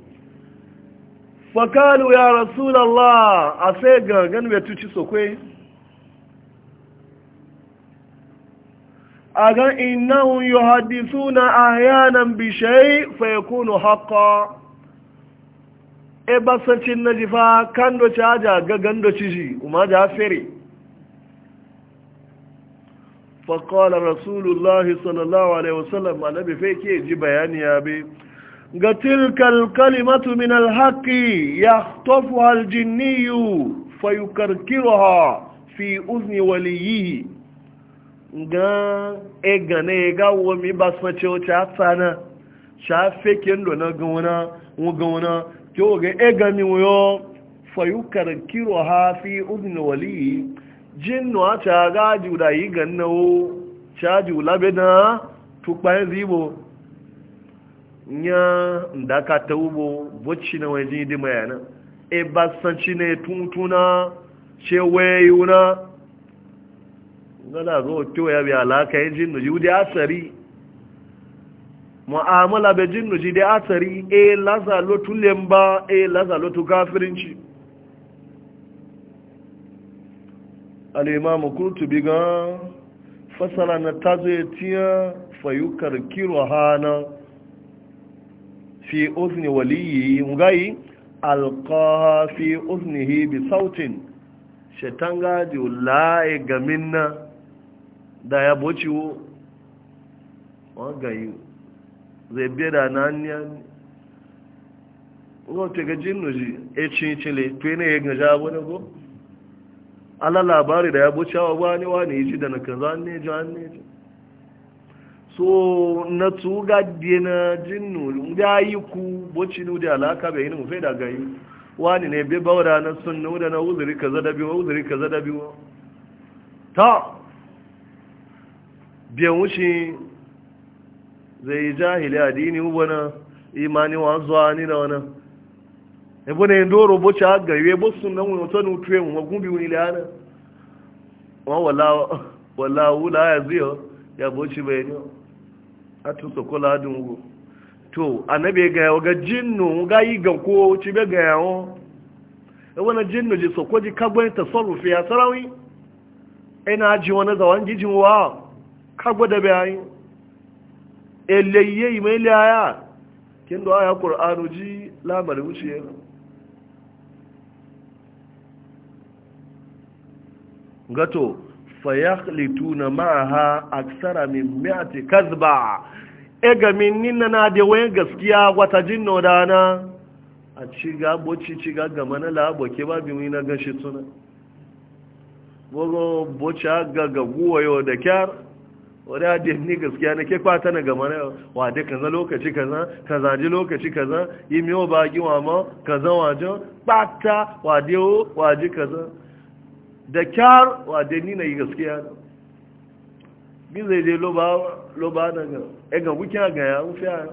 fakalu ya rasulullah ase gangan betuci sokwe أجل إنهم يحدثون أحيانا بشيء فيكون حقا إبسا إيه تنجفا كندو تاجا غغندو تجي وما جافري فقال رسول الله صلى الله عليه وسلم ما نبي فيكي جبياني يا بي قتلك الكلمة من الحق يخطفها الجني فيكركرها في أذن وليه E ga ega na ega wo mi ba sun ce o cha tsana cha fe ke ndo na ga wona wo ga wona ke o e ga ega mi wo fa kiro ha fi udn wali jin no cha ga ju da yi ga na wo cha ju la be na tu pa en zibo nya nda ka ta ubo bocci na waje di mayana e ba san ci ne tuntuna ce wayuna ngala zo to ya bi alaka yin jinnu ji wudi asari mu'amala be jinnu ji da asari e laza lo ba. e laza lo tu kafirinci al-imam qurtubi ga fasala na tazo fayukar kirhana fi uzni waliyi ngai alqaha fi uznihi bi sautin shetanga di ulai gaminna da ya boci wo wọn yi zai biya da na niya wọn tega jin nuji e cin cile tuye ne ya gaja abu ne ko ala labari da ya boci awa wani wani yi ji da na kaza ne ji an ne ji so na tuga dina jin nuji ya yi ku boci nuji alaka bai yi mu fai da gayi wani ne bai baura na sun da na uzuri kaza da biyu uzuri kaza da biyu ta biyan wuce zai jahili adini wani imani wa zuwa ni na wani ebe na indoro boce a gariwe bosun nan wani otonu tuwe mu magun biyu ni lana wọn wala wula ya ziyo ya boci bai ni a tun soko ladin ugo to anabe ga yawo ga jinnu ga yi ga ko wuce bai ga yawo ebe na jinnu ji soko ji kagbani tasarrufi ya sarawi ina e ji wani zawon gijin wa kago da bayan eleye mai laya kin do aya qur'anu ji lamar wuce gato fayakhlituna ma'aha aksara min mi'ati kadhba e ga min ninna na da wayan gaskiya wata jinno dana a ci ga boci ci ga gama na labo ke ba bi na gashi suna gogo boci ga ga guwayo da kyar wani adin ni gaskiya na ke kwata na gama na wade kaza lokaci kaza kaza ji lokaci kaza yi miyo ba giwa ma kaza wajen bata wade o waje kaza da kyar wade ni na yi gaskiya na bi zai je loba na ga e ga guki a ga ya rufe a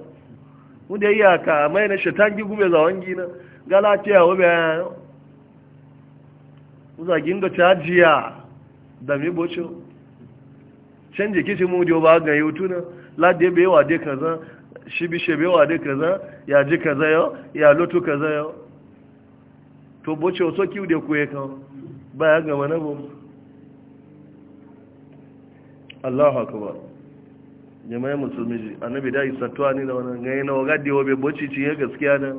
wanda yi aka mai na shaitan gi gube zawon gina galatiya wabe a yana uzagin da ta jiya da mi bocin canje kishi mu da ba ga yutu na lade be wa de kaza shi bi she be wa de kaza ya ji kaza yo ya lotu kaza yo to boce so kiu de ku kan ba ya ga mana bo Allahu akbar jama'a musulmi ji annabi da isa to ani da wannan ga na waga de obe boci ci ya gaskiya na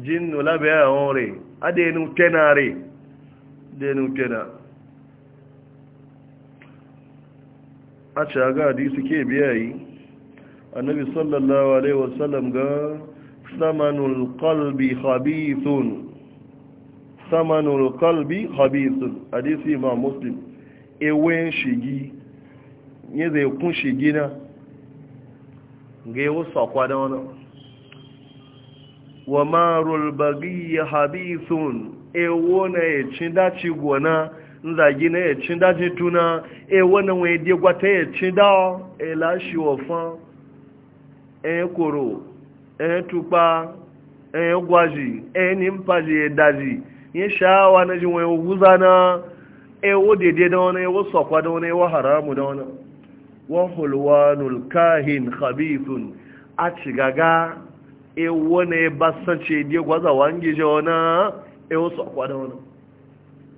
jin wala be ya hore ade nu tenare de nu tenare a ci aga hadisi ke biya yi annabi sallallahu alaihi wasallam ga samanul kalbi habithun samanul kalbi habithun hadisi ma muslim ewen shigi ne zai kun shigi na ga yawon sakwa da wani wa marul bagi habithun ewo na ya e ci daci gona nzagi na ya cin daji tuna e wannan wani dai gwata ya cin da e lashi wofan e koro e tupa e gwaji e nimpaji e daji yin sha'awa na ji wani guza na e wo daidai da wani e wo sakwa da wani e wo haramu da wani wa hulwanul kahin khabithun a cigaga e wani e basan ce dai gwaza wangi je wani e wo sakwa da wani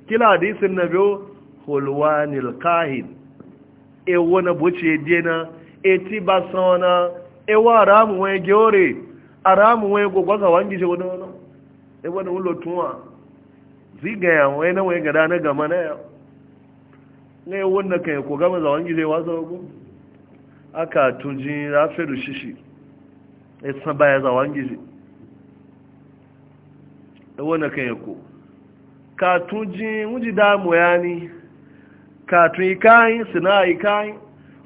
kila hadisin na biyu hulwanil kahin e wani buce dina e ti ba sauna e wa ramu wani gyore a ramu wani gwagwaga wangi shi wani wani e wani wulo tuwa ziga ya wani na wani gada na gama na yau na e yi wani kan yi ko gama za wangi zai wasa wago aka tunji na fedu shishi e san baya za wangi zai e wani kan yi ko katun ji wuji damu ya ni katun ikayin sina ikayin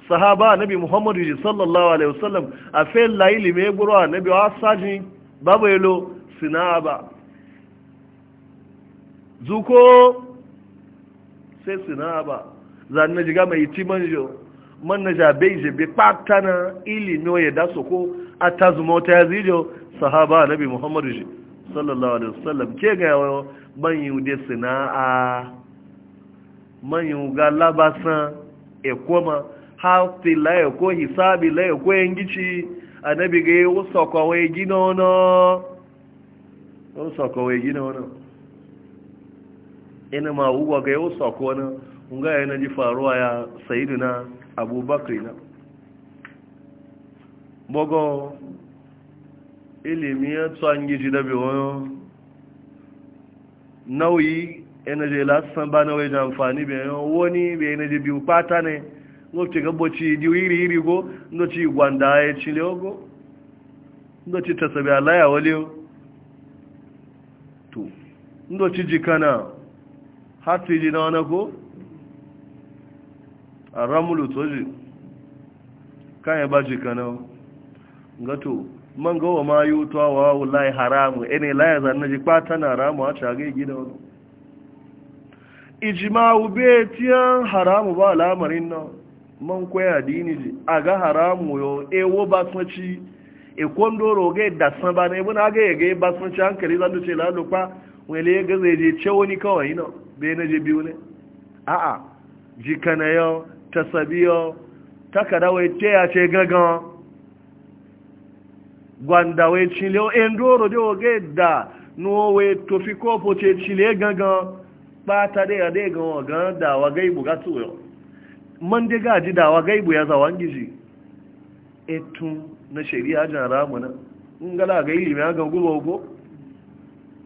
sahaba nabi muhammadu ji sallallahu alaihi wasallam a fe laili mai gburu a nabi wa sajin babu ilo sina ba zuko sai sina ba zan na jiga mai ti jo man na jabe je be patana ili no ya da soko atazmo ta zijo sahaba nabi muhammadu ji sallallahu alaihi wasallam ke ga yawo manyan da sana'a manyan ga labasan ekoma hafi laye ko hisabi laye ko yangici annabi ga yi wasu ya gina wani wasu kawai gina wani ina ma uwa ga yi wasu kawai nga yana ji faruwa ya sayidina abubakar na bogo ilimi ya tsangi ji dabe wani nauyi energy lasan ba na waje amfani bai woni wani bai energy biyu pata ne nwoke gaboci diu iri iri go ngoci gwanda ya cile ogo ngoci tasabi alaya wale to ngoci jikana hati ji na go ko a ramulu toji kan ya ba jikana gato man gowa ma yi wutuwa wa wallahi haramu ene laya zanna ji kwata na haramu a cagai gida wani ijimawu be tiyan haramu ba lamarin nan man kwaya dini ji a ga haramu yo ewo basmaci e kondoro ga da san ba ne buna ga ga basmaci hankali zan ce lalo kwa wele ga zai je ce wani kawai nan be na je biyu ne a a jikana yo tasabiyo takara wai ce ya ce gaggawa gwanda wai chile o endoro de o ge da no we to fi ko po che chile gangan ta de ade gan gan da wa ibu ga tu yo man de ga ji da wa ga ibu ya zawan giji etun na shari'a jan ramu na in gala ga ilimi ga gubo go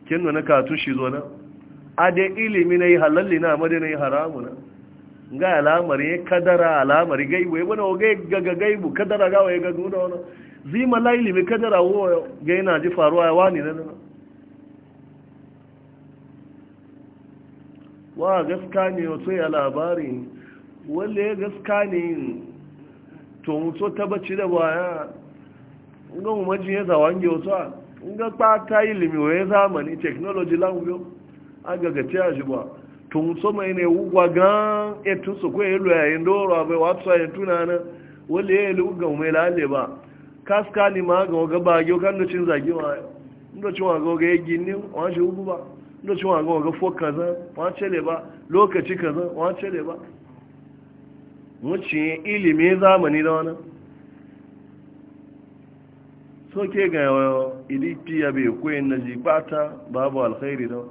kin na ka tu shi zo na ade ilimi ne halalli na amade ne haramu na ga alamari kadara alamari gaibu ya wani oge gaga gaibu kadara gawa ya gagu wani zima laili mai kadara wuwa ga yana ji faruwa ya wani na dana wa gaska ne wato ya labari wale ya gaska ne to mutu tabbaci da baya ga umarci ya zawange wato a ga kpata ilimi wa ya zamani teknoloji languyo a gagace a shi ba to mutu mai ne wugwa gan etu su kwaye lo yayin doro abai wato ya tunanin wale ya yi lugu ga umarci ba kaska ma ga waga bagyo kan da cin zagi inda cin waga waga ya gini wa shi hudu ba inda cin waga waga fo kaza wa cele ba lokaci kaza wa cele ba mucin ilimin zamani da wani soke ga ilipi ya bai kwayin na jibata babu alkhairi da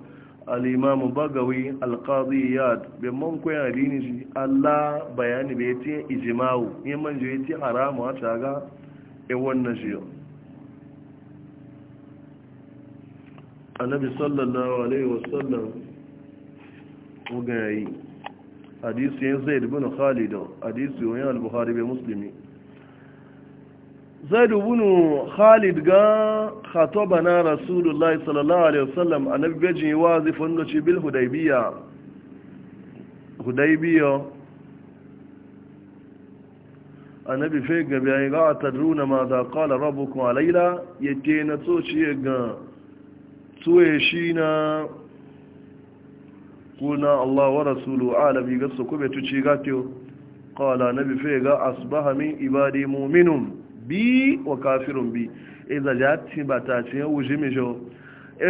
al'imamu bagawi alkazi yad bai man kwayin dini shi allah bayani bai ti ijimawu yin man bai tiye haramu a shaga ewon na shi annabi sallallahu alaihi wasallam ugayi hadisi yin zaid bin khalida hadisi yin al buhari bai Zai zaid bin khalid ga khatabana rasulullahi sallallahu alaihi wasallam annabi bai ji wazifin da gaci bil hudaibiyya hudaybiya annabi fe ga biyayi ga a tadruna ma za kala rabu kuma laila ya ke na tsoci ga tsoye shi na kuna Allah wa rasulu alabi ga su kube tuci gatiyo kala annabi fe ga asbaha min ibadi muminun bi wa kafirun bi iza ja ti ba ta ci ya wuji mi jo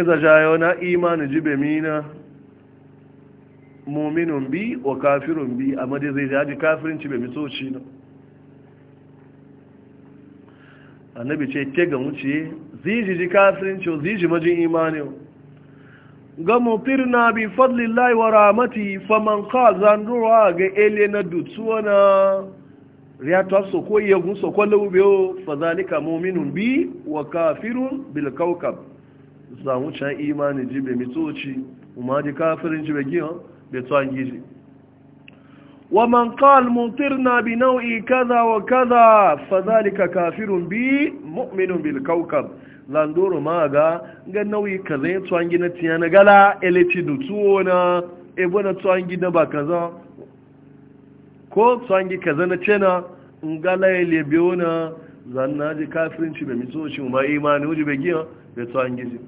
iza ja yau na imani jibe mina muminun bi wa kafirun bi amma dai zai ji kafirin ci bai mi tsoci na annabi ce ke ga wuce ziji kafirinci ziji majin imani ga na bi fadlillahi wa ramati faman ka zanduwa ga ele na dutsuwa na riyatuwa so ko gun so ko laubewo fazalika mominun bi wa kafirun bil kaukab zamucin imani ji be mitoci umar ji kafirinci bai be bai be tsangiji. ومن قال مطرنا بنوع كذا وكذا فذلك كافر بي مؤمن بالكوكب zandoro ma ga ga nauyi kaza ya tuwan gina tiya na gala eleti da tuwo na ebo na tuwan gina ba kaza ko tuwan gi kaza na cena ngala ya lebe na zanna ji kafirinci bai mito shi ma imani wuji bai gina bai tuwan gizi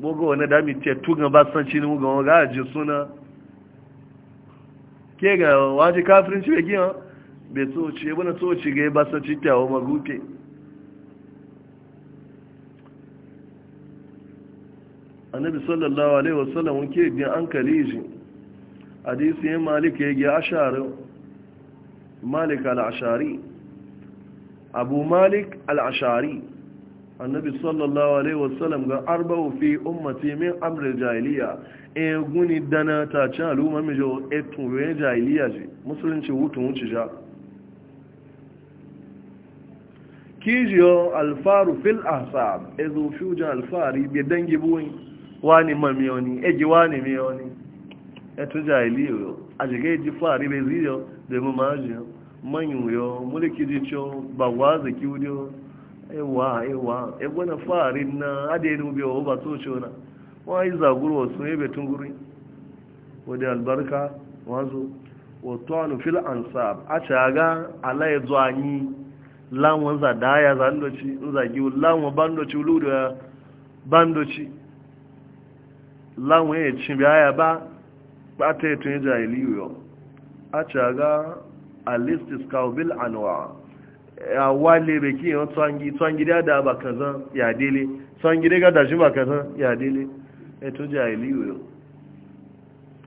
bogo wani dami te tuga ba san shi mu ga wani ga suna ke ga waje kafirin ci begi bai tsoci ya bane tsoci ga ya basa cikyawa magufe annabi sallallahu alaihi wasallam ke biyan an kaliji hadisi ya malik ya gya ashari malik al-ashari abu malik al-ashari annabi sallallahu alaihi wasallam ga arba'u fi ummati min amr jahiliya e guni dana ta ci ma mi jo etun we jahiliya ji musulunci wutun wuci ja kijiyo alfaru fil ahsab e zo fuja alfari bi dangi buwin wani mamiyoni e, e ji wani miyoni etu jahiliyo ajige ji fari be ziyo de mu majiyo manyu yo muliki ji cho bagwazi kiudio ewa ewa egwe na fari na adịghị ubi ọwụ ba so chona wani zaguru wasu ebe tunguri wadda albarka wazo wato anu fil ansab a caga ala ya zo anyi lanwa za daya za ndoci zagi lanwa bandoci ulu da bandoci lanwa ya ci biya ba ba ta yi tun jahiliyo a a listi alistis kawbil anwa a wale beki yawon tsangi tsangi da da ba kazan ya dele tsangi daga da shi ba kazan ya dele eto jahiliyo e yau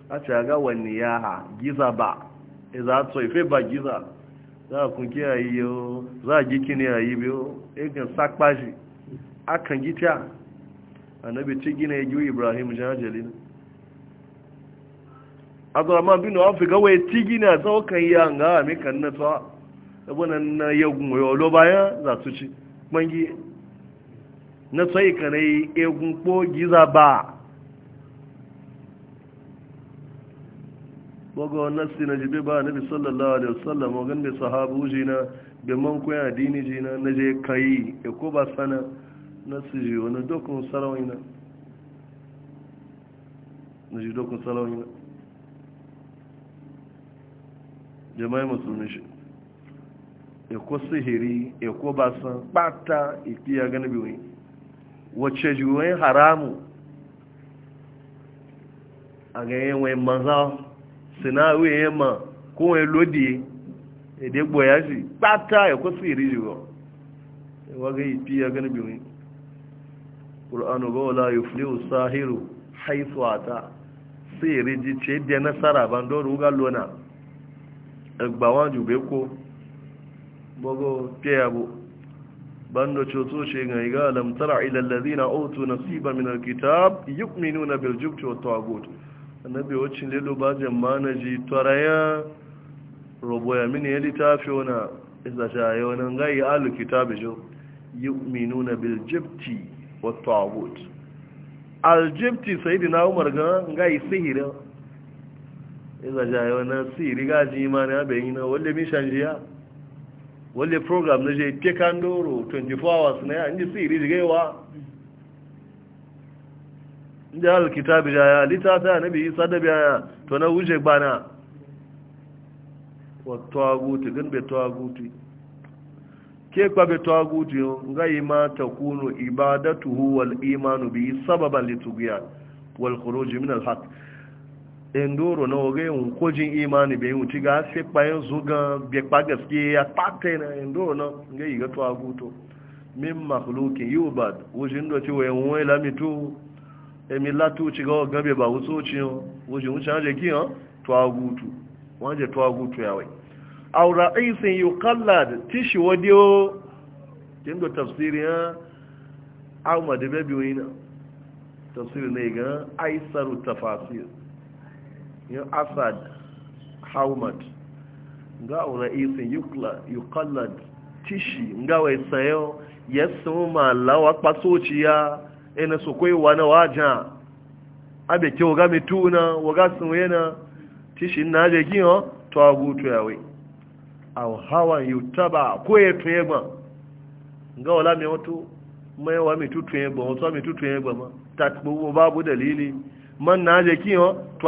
a ce ga wani ha giza ba e za a tsoife e ba giza za a kunki a yi za a e giki ne a yi biyo egin sakpa shi akan gita annabi ci gina ya giwu ibrahim jajalina abdurrahman bin wafi gawa ya ci gina zaukan yi an ga na tsawa abunan na yagun yolo baya za su ci mangi na sai ka na yi egun ko giza ba bago nasi na jibe ba nabi sallallahu alaihi wasallam wagan da sahabu jina da man koyi ya dini jina na je kai e ko ba sana nasi ji wani dokun sarawina na ji dokun sarawina jama'i musulmi shi eko sihiri eko basan pata ipiya gani biyu wacce juwen haramu a ga yawon maza sinawi yamma kowai lodi ede gboya shi pata eko sihiri juwa waga ipiya gani biyu ƙul'anu ga wala yi fliu sahiru haifu ata siiri ji ce da nasara ban don ruga lona agbawan jube ko bago piyabo bando coto ce ga iga lamtara ilallazi na utu nasiba min alkitab yukminu na biljubti wa tawagut annabi wacin lelo ba jamma na ji twaraya roboya mini ya littafi wana isa shaye wani gai alu kitabi jo yukminu na biljubti wa tawagut aljibti sai dina umar ga gai sihirin isa shaye wani sihiri gaji imani abin yi na wanda mishan jiya wale program na je ke kandoro 24 hours na ya inji siri jigewa inji alkitabi da ya littafi ya nabi isa da biya to na wuce gbana wa tawaguti gan be tawaguti ke kwa be tawaguti nga ima takunu ibadatuhu wal imanu bi sababan litughyan wal khuruj min al haqq endoro na oge yin imani bai um wuce ga sai bayan zuga bai gaske ya fata na indoro na ga yi gato a guto min makhlukin yi ba wujin da cewa yin um, wani lamitu emi latu ci ga ogan bai ba wuso um, ci yau wujin wuce an jeki yau to a gutu wani je to a ya wai aura isin yi kallad tishi wadiyo kin tafsiri ya bebi tafsiri aisaru tafasir yin asad haumad ga una isin yukallad tishi nga wai sayo ya suma lawa kpasoci ya ina su kwai wani abe ke waga mituna waga sun yana tishi na aje giyo to agutu ya wai aw hawan yutaba ko ya tuye ba nga wala mai wato mai wa mai tutuye ba wato mai tutuye ba ma ta babu dalili man na aje kiyo to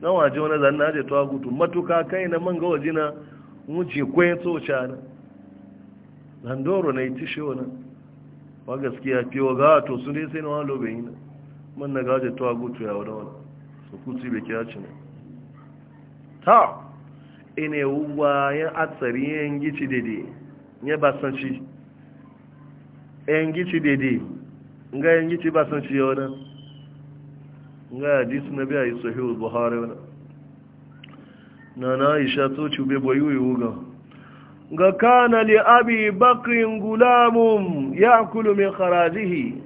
na waje wani zan na je matuka kai na man ga waje na wuce kwaye na landoro na yi tishe wa gaskiya fiye ga to su ne sai na wani lobe yi na man na gaje tuwa gutu ya wani su kusi beki kira ci ne ta atsari yan gici dede ya basanci yan gici dede yan gici basanci ya nga hadisi na biya yi sahihu buhari wani na na isha toci bai bayu yi wuga ga kana li abi bakrin gulamun ya kulu min kharajihi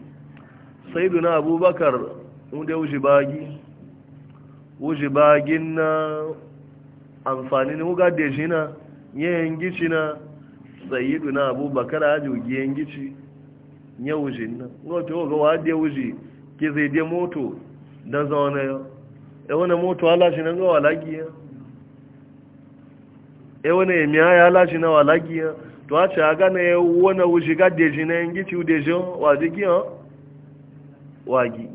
sai duna abubakar inda wuce bagi wuce bagin na amfani ne wuga da shi na yayin gici na sai duna abubakar a jugiyen gici ya wuce na ga to wuga wa da wuce ke zai da moto da zaune yau ya eh, wani moto halashi nan ga walagi ya eh, ya wani emiya ya halashi na walagi ya to a ce a gane ya wani wuce deji na yin gici deji wa jiki ya wagi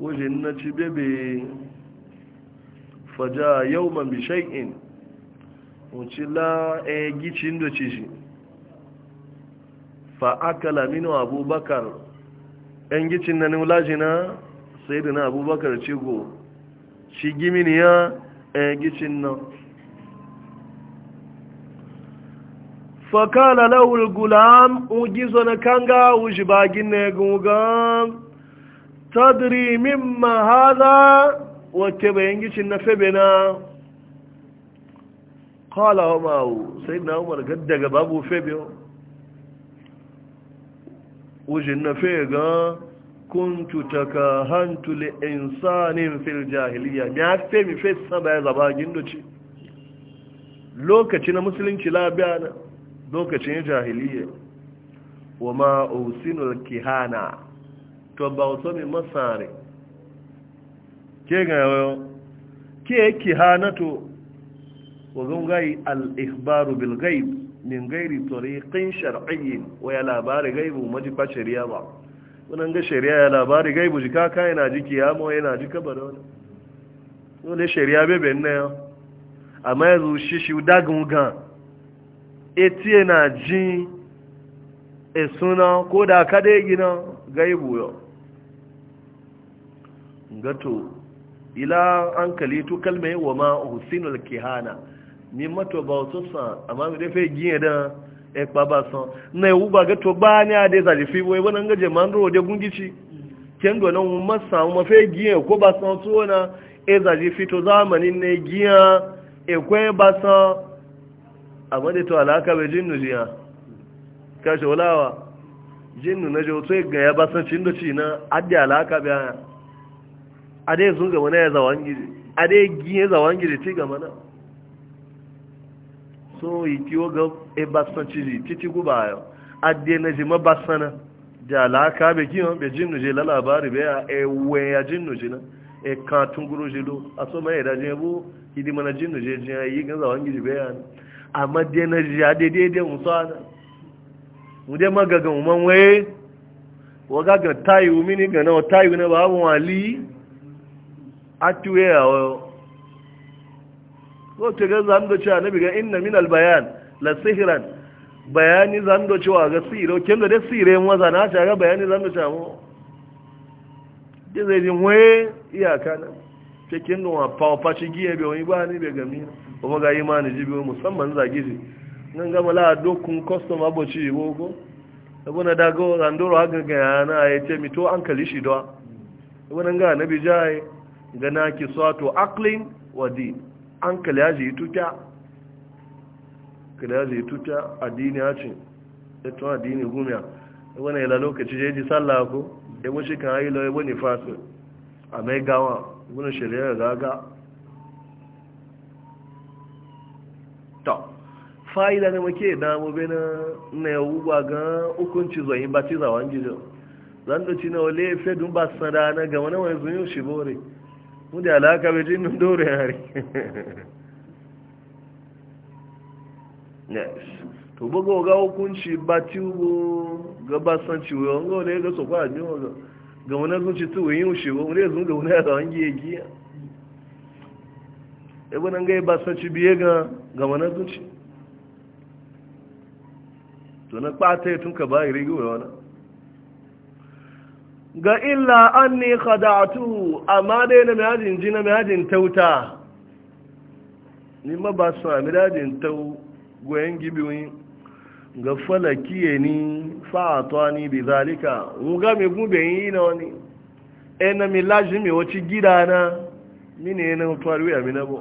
wuce na ci bebe faja yau man bi in wuce la e gici inda ci shi fa akala minu abubakar yan gicin na nulaji na sai da na abubakar cigo shi gimini ya eh, gicin nan fakala lawul gulam ugizo na kanga wuji bagin na gugan tadri mimma hada wata bayan gicin na febe na kala wa ma'u sai na umar gaddaga babu febe wujin na febe gan kuntu takahantu li insanin fil jahiliya mi hafe mi fe saba ya zaba gindoci lokaci na musulunci labiya na lokacin jahiliya wa ma usinul kihana to ba wato mi masare ke ga yawo ke kihana to wa gungai al ihbaru bil ghaib min ghairi tariqin shar'iyyin wa ya labari ghaibu majiba shari'a ba sunan ga shari'a ya labari gaibu jika ka yana ji kiyama yana ji kabar wani wani shari'a bebe na yau amma yanzu shi shi dagun gan eti yana ji e suna ko da ka ya gina gaibu yau gato ila an kalitu kalmai wa ma'a husinul kihana ni mato ba amma mu dai fai gina da ekpa ba son na ewu ba gato ba ni a dai zalifi wai wani ngaje man ro de gungici ken do na mu masa mu fe giye ko ba son so na e zalifi to zamanin ne giya e kwen ba son amma dai to alaka be jinnu jiya ka sholawa jinnu na jo to e ga ya ba son cin do ci na addi alaka be a dai zunga wani ya zawangi a dai giye zawangi ci ga mana so iti oga e eh, basan ciji titi guba yo adde na jima basana da alaka be kiyon be jinnu je la labari be e we ya jinnu je na e kan tunguru je lo so ma ida je bu idi mana jinnu je je yi ganza wangi je be ya amma de na je ade de de musana mu de magaga mu man we waga ga tayu mini ga na tayu na babu wali atuwe awo ko ta ga zan da cewa nabi ga inna min albayan la sihran bayani zan da cewa ga siro kin da da sire mu za na ta ga bayani zan da cewa da zai mu waye kana na cikin da pa pa ci giye be wani ba ni be gami kuma ga imani jibi musamman zage ji nan ga mala dokun custom aboci boko abuna dago zandoro haka ga yana ya ce mi to an shi do abuna ga nabi jai ga na ki swato aqlin wa din an kalyaji yi tuta kalaji yi tuta addini ya ce ito addini gumiya wani ila lokaci ya ji sallah ko ya mun shi kan ayi lo ya wani fasu a mai gawa wani shari'a gaga ta fa'ila ne muke damu bena na yau ba ga hukunci zuwa yin batiza wani jijin zan da ci na wale fe dun ba sada na ga wani wani zuwa shi bore mu da alaka bai jin dore yare to bugo ga hukunci ba tiwo ga basan ciwo ngo ne ga so kwa ni ga ga wani sun ci tuwo yin shi e ba wani zun ga wani ya zawon giye giya ebe nan gai basan ci biye ga ga wani sun to na kpata tun ka ba iri ga wani ga illa an ni khada'atuhu amma dai na miyajin ji na miyajin tauta ni ma ba su a miyajin tau goyon gibiyoyi ga falakiye ni fa'atuwa ni bi zalika wuga mai gube yi na wani ena na mi laji mai wace gida na mini yana faru ya minabo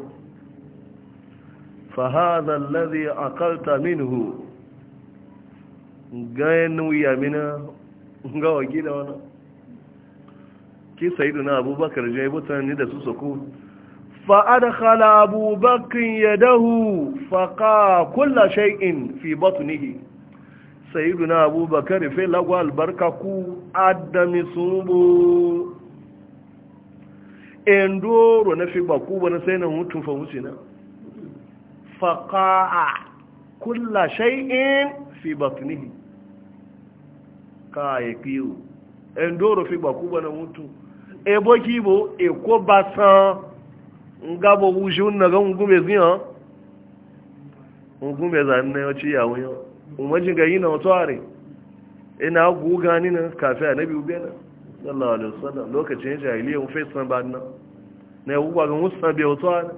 fahadar lazi min minhu ga yanu mina ga wa gida wani ki sayidu na abubakar je butan ni da su soko fa adkhala abubakar yadahu fa qa kullu shay'in fi batnihi sayidu na abubakar fi lagwa albarka ku adami bu. endoro na fi baku bana sai na mutu fa wuce a fa qa kullu shay'in fi batnihi ka yakiyu endoro fi baku na mutu ebo kibo eko basan ngabo wushi unna ga ngumbe ziyan ngumbe zanne yo ci yawo yo umajin ga yina otware ina gu gani na kafi annabi ubena sallallahu alaihi wasallam lokacin jahiliya mu fesan ba nan ne ugwa ga musa be otware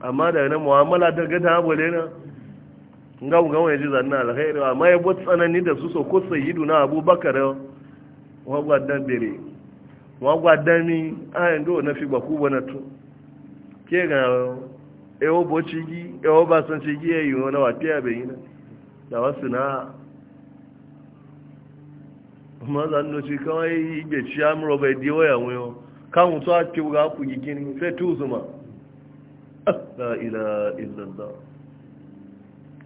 amma da na mu'amala da gada abole na nga mu ga wani ji zanna alkhairu amma ya bot tsanani da su so ko sayyiduna abubakar wa dan bere wọ́n gbà dẹ́mí àìndó na fi gbà kúbọ̀ na tó kí ẹ̀gà ẹwọ́ bó ṣe yí ẹwọ́ bá san ṣe yí ẹ̀yìn wọn wà tí àbẹ̀yìn náà làwọn sì náà ọmọ sàánú sí káwọn yí ìgbè tí a bai di wọ́yà wọn yọ káwọn tó àti wọ́n kú yìí kí ni fẹ́ tó zuma ilẹ̀ ìlànà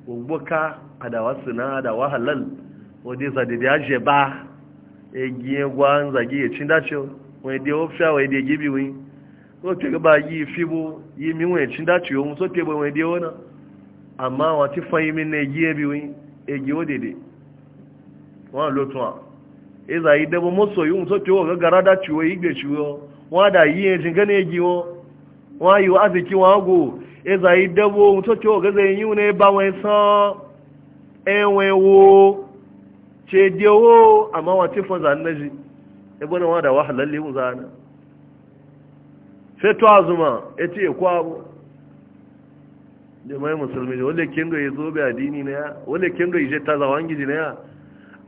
gbogbo ká àdàwà sì náà àdàwà halal wọ́n dé sàdédé àjẹbá wọ́n dé ọ́fíà wọ́n dé gíbi wọ́n wọ́n tẹ́gbẹ́ bá yí fíbú yí míwọ̀n ẹ̀tí ohun tó tẹ́gbẹ́ wọ́n dé ọ́nà àmá ti fọ́n yí mi ní ẹ̀yí wọ́n ẹ̀yí ó dèdè wọ́n ló tún à ẹ̀zà yìí mọ́sọ̀ ohun tó tẹ́wọ́ gàgàrà dájú wọ́n wọ́n yí ohun ebona wa da wahalalle uzana fetu azuma yace kwabo jama'ai musulmi da wale kendo ya zo bai adini na ya wale kendo ije ta zawon gizi na ya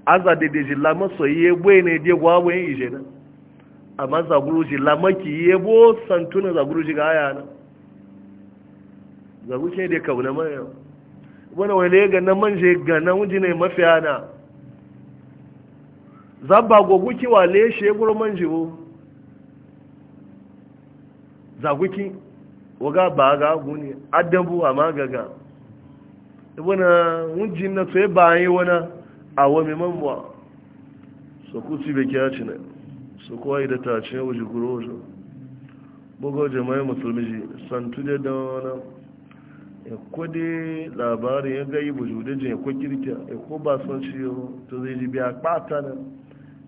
aza da da jila maso yi gwe ya je gwabo yin ije na amma zaguru jila maki yi bo santuna zaguru ji ga aya na zaguru shi ne da kauna mai yau wani wale ga na manje ga na ya mafi ana. zaba goguki wa leshe gurman bu zaguki waga ba ga guni adabu a magaga ibuna wujin na tsaye bayan wani a wame mamuwa so ku ci bai kya ci ne so kowa yi da ta ci wuji guro wajen bugo jama'i musulmi ji santu da dan ya kwade labarin ya gayi bujudejin ya kwa kirkiya ya ko ba son ciyo to zai ji biya kpata na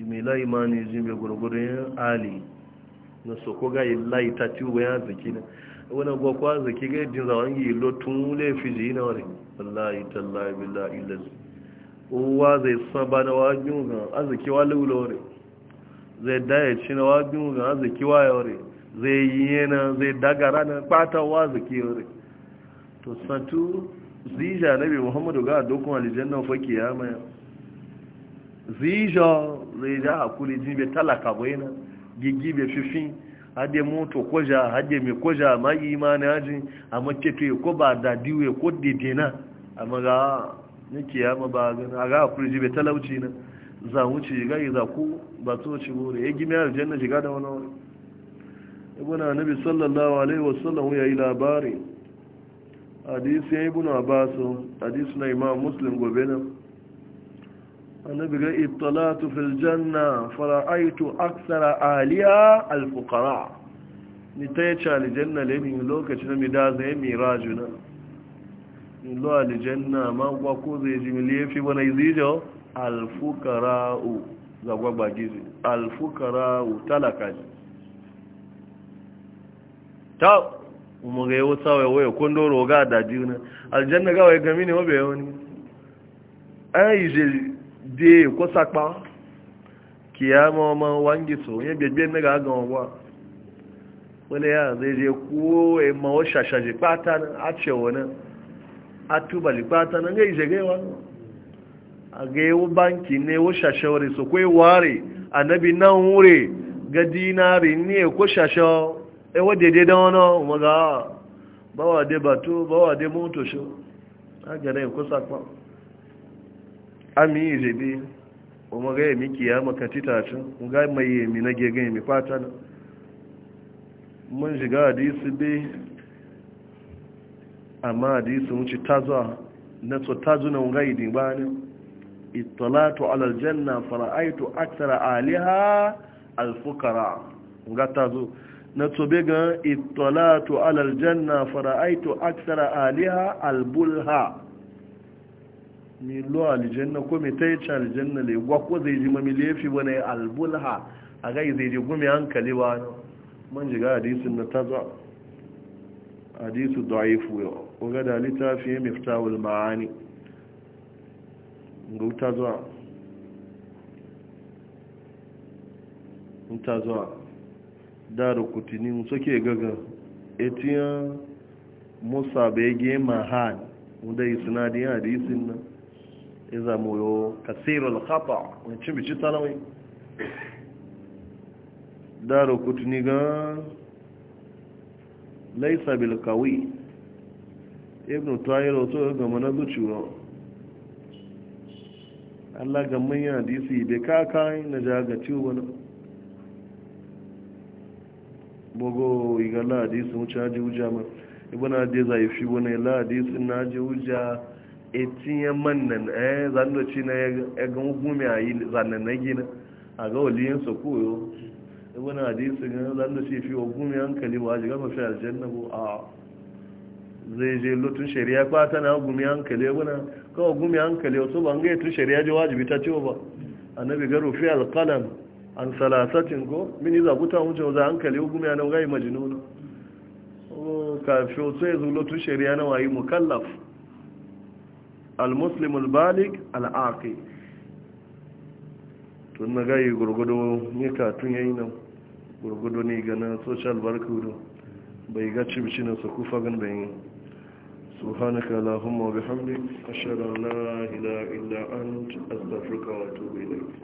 imila imani zimbe gurgurin ali na soko ga ita ti ci ya zaki na wani gwakwa zaki ga yadda zawon yi lotun laifi ji na wani wallahi tallahi billahi ilazi wa zai saba na wajen ga arziki wa lula wani zai daya ci na wajen ga arziki wa ya wani zai yi yana zai daga rana ɓata wa zaki wani to santu zija nabi muhammadu ga dokun alijanna fa kiyama zija zai ja hakuri ji bai talaka bai na gigi bai fifin hade moto koja hade mai koja ma imani haji a maketo ko ba da diwe ko didina a maga yake ya ba gani a ga hakuri ji bai talauci na za wuce ga yi za ku ba to ci gore ya gimi aljanna shiga da wani wani na annabi sallallahu alaihi wasallam ya yi labari hadisi ya ibn abbas hadisi na imam muslim gobe na. annabi ga ibtalatu fil janna fara'aitu aksara aliya alfukara ni ta yi ci alijanna lemin lokaci na mida zai miraju na ilo alijanna ma gwa ko zai ji miliyefi wani zijo alfukara'u zagwa gbagizi alfukara'u talaka ji ta Mu ga yau tsawai waya kundoro ga adadi na aljanna gawa ya gami ne wabe yawon ai jeli de ko sakpa kiyama ma wangi so onye bebe ne ga ga wa wani ya zai kwuo kuwo e ma o shashaje pata na a ce tubali pata na ga ije ga a ga yi banki na o shashawari so kwai ware annabi nan wure ga dinari ne ko shashaw e dede da wani maga bawa de bato bawa de moto a ga ne sakpa ami izibi o maga ya katita ya maka titacin ga mai yami na gege yami fata na mun shiga hadisi bi amma hadisi mun ci tazo na so tazu na ngai din ba ne ittalatu ala aljanna fara'aitu akthara aliha alfuqara nga tazu na so be ga ittalatu ala aljanna fara'aitu akthara aliha albulha milo lo aljanna ko mi tai ci aljanna le ko zai ji mami lefi wani albulha a gai zai ji gumi hankali ba man jiga hadisun na ta zuwa hadisu da'ifu ya ƙoga da littafi ya fita ma'ani ga ta zuwa ta zuwa da rukutini suke gaga etiyan musa bai ge mahan wanda yi sinadiyar hadisin nan iza moyo kasirul khata wancin bici talawai daro kutuni ga laisa bil kawi ibn tayro to ga mana zuciyo Allah ga manya hadisi be kaka na jaga ciwo wani bogo igala hadisi wuce haji wuja ma ibn hadisi zai fi wani la hadisi na haji wuja etinye mannan eh ci na ya ga hukumi a yi zannan na gina a ga waliyin su koyo ibn hadis ga zandoci fi hukumi hankali wa ji ga mafi aljanna ko a zai je lutun shari'a ba ta na hukumi hankali ibn ka hukumi hankali wasu ban ga tun shari'a ji wajibi ta ce ba annabi ga rufi alqalam an salasatin ko min iza buta mun ce za hankali hukumi na ga majnun ko ka fi so ya zo shari'a na wayi mukallaf المسلم البالغ العاقل tun na gayi gurgudu nika tun yayi nan gurgudu ne ganin social worker bai ga cibici na su kufa gan bayan su hana ka lahun mawabi hamdi ashirar na ila'ila an tattafurka wato bai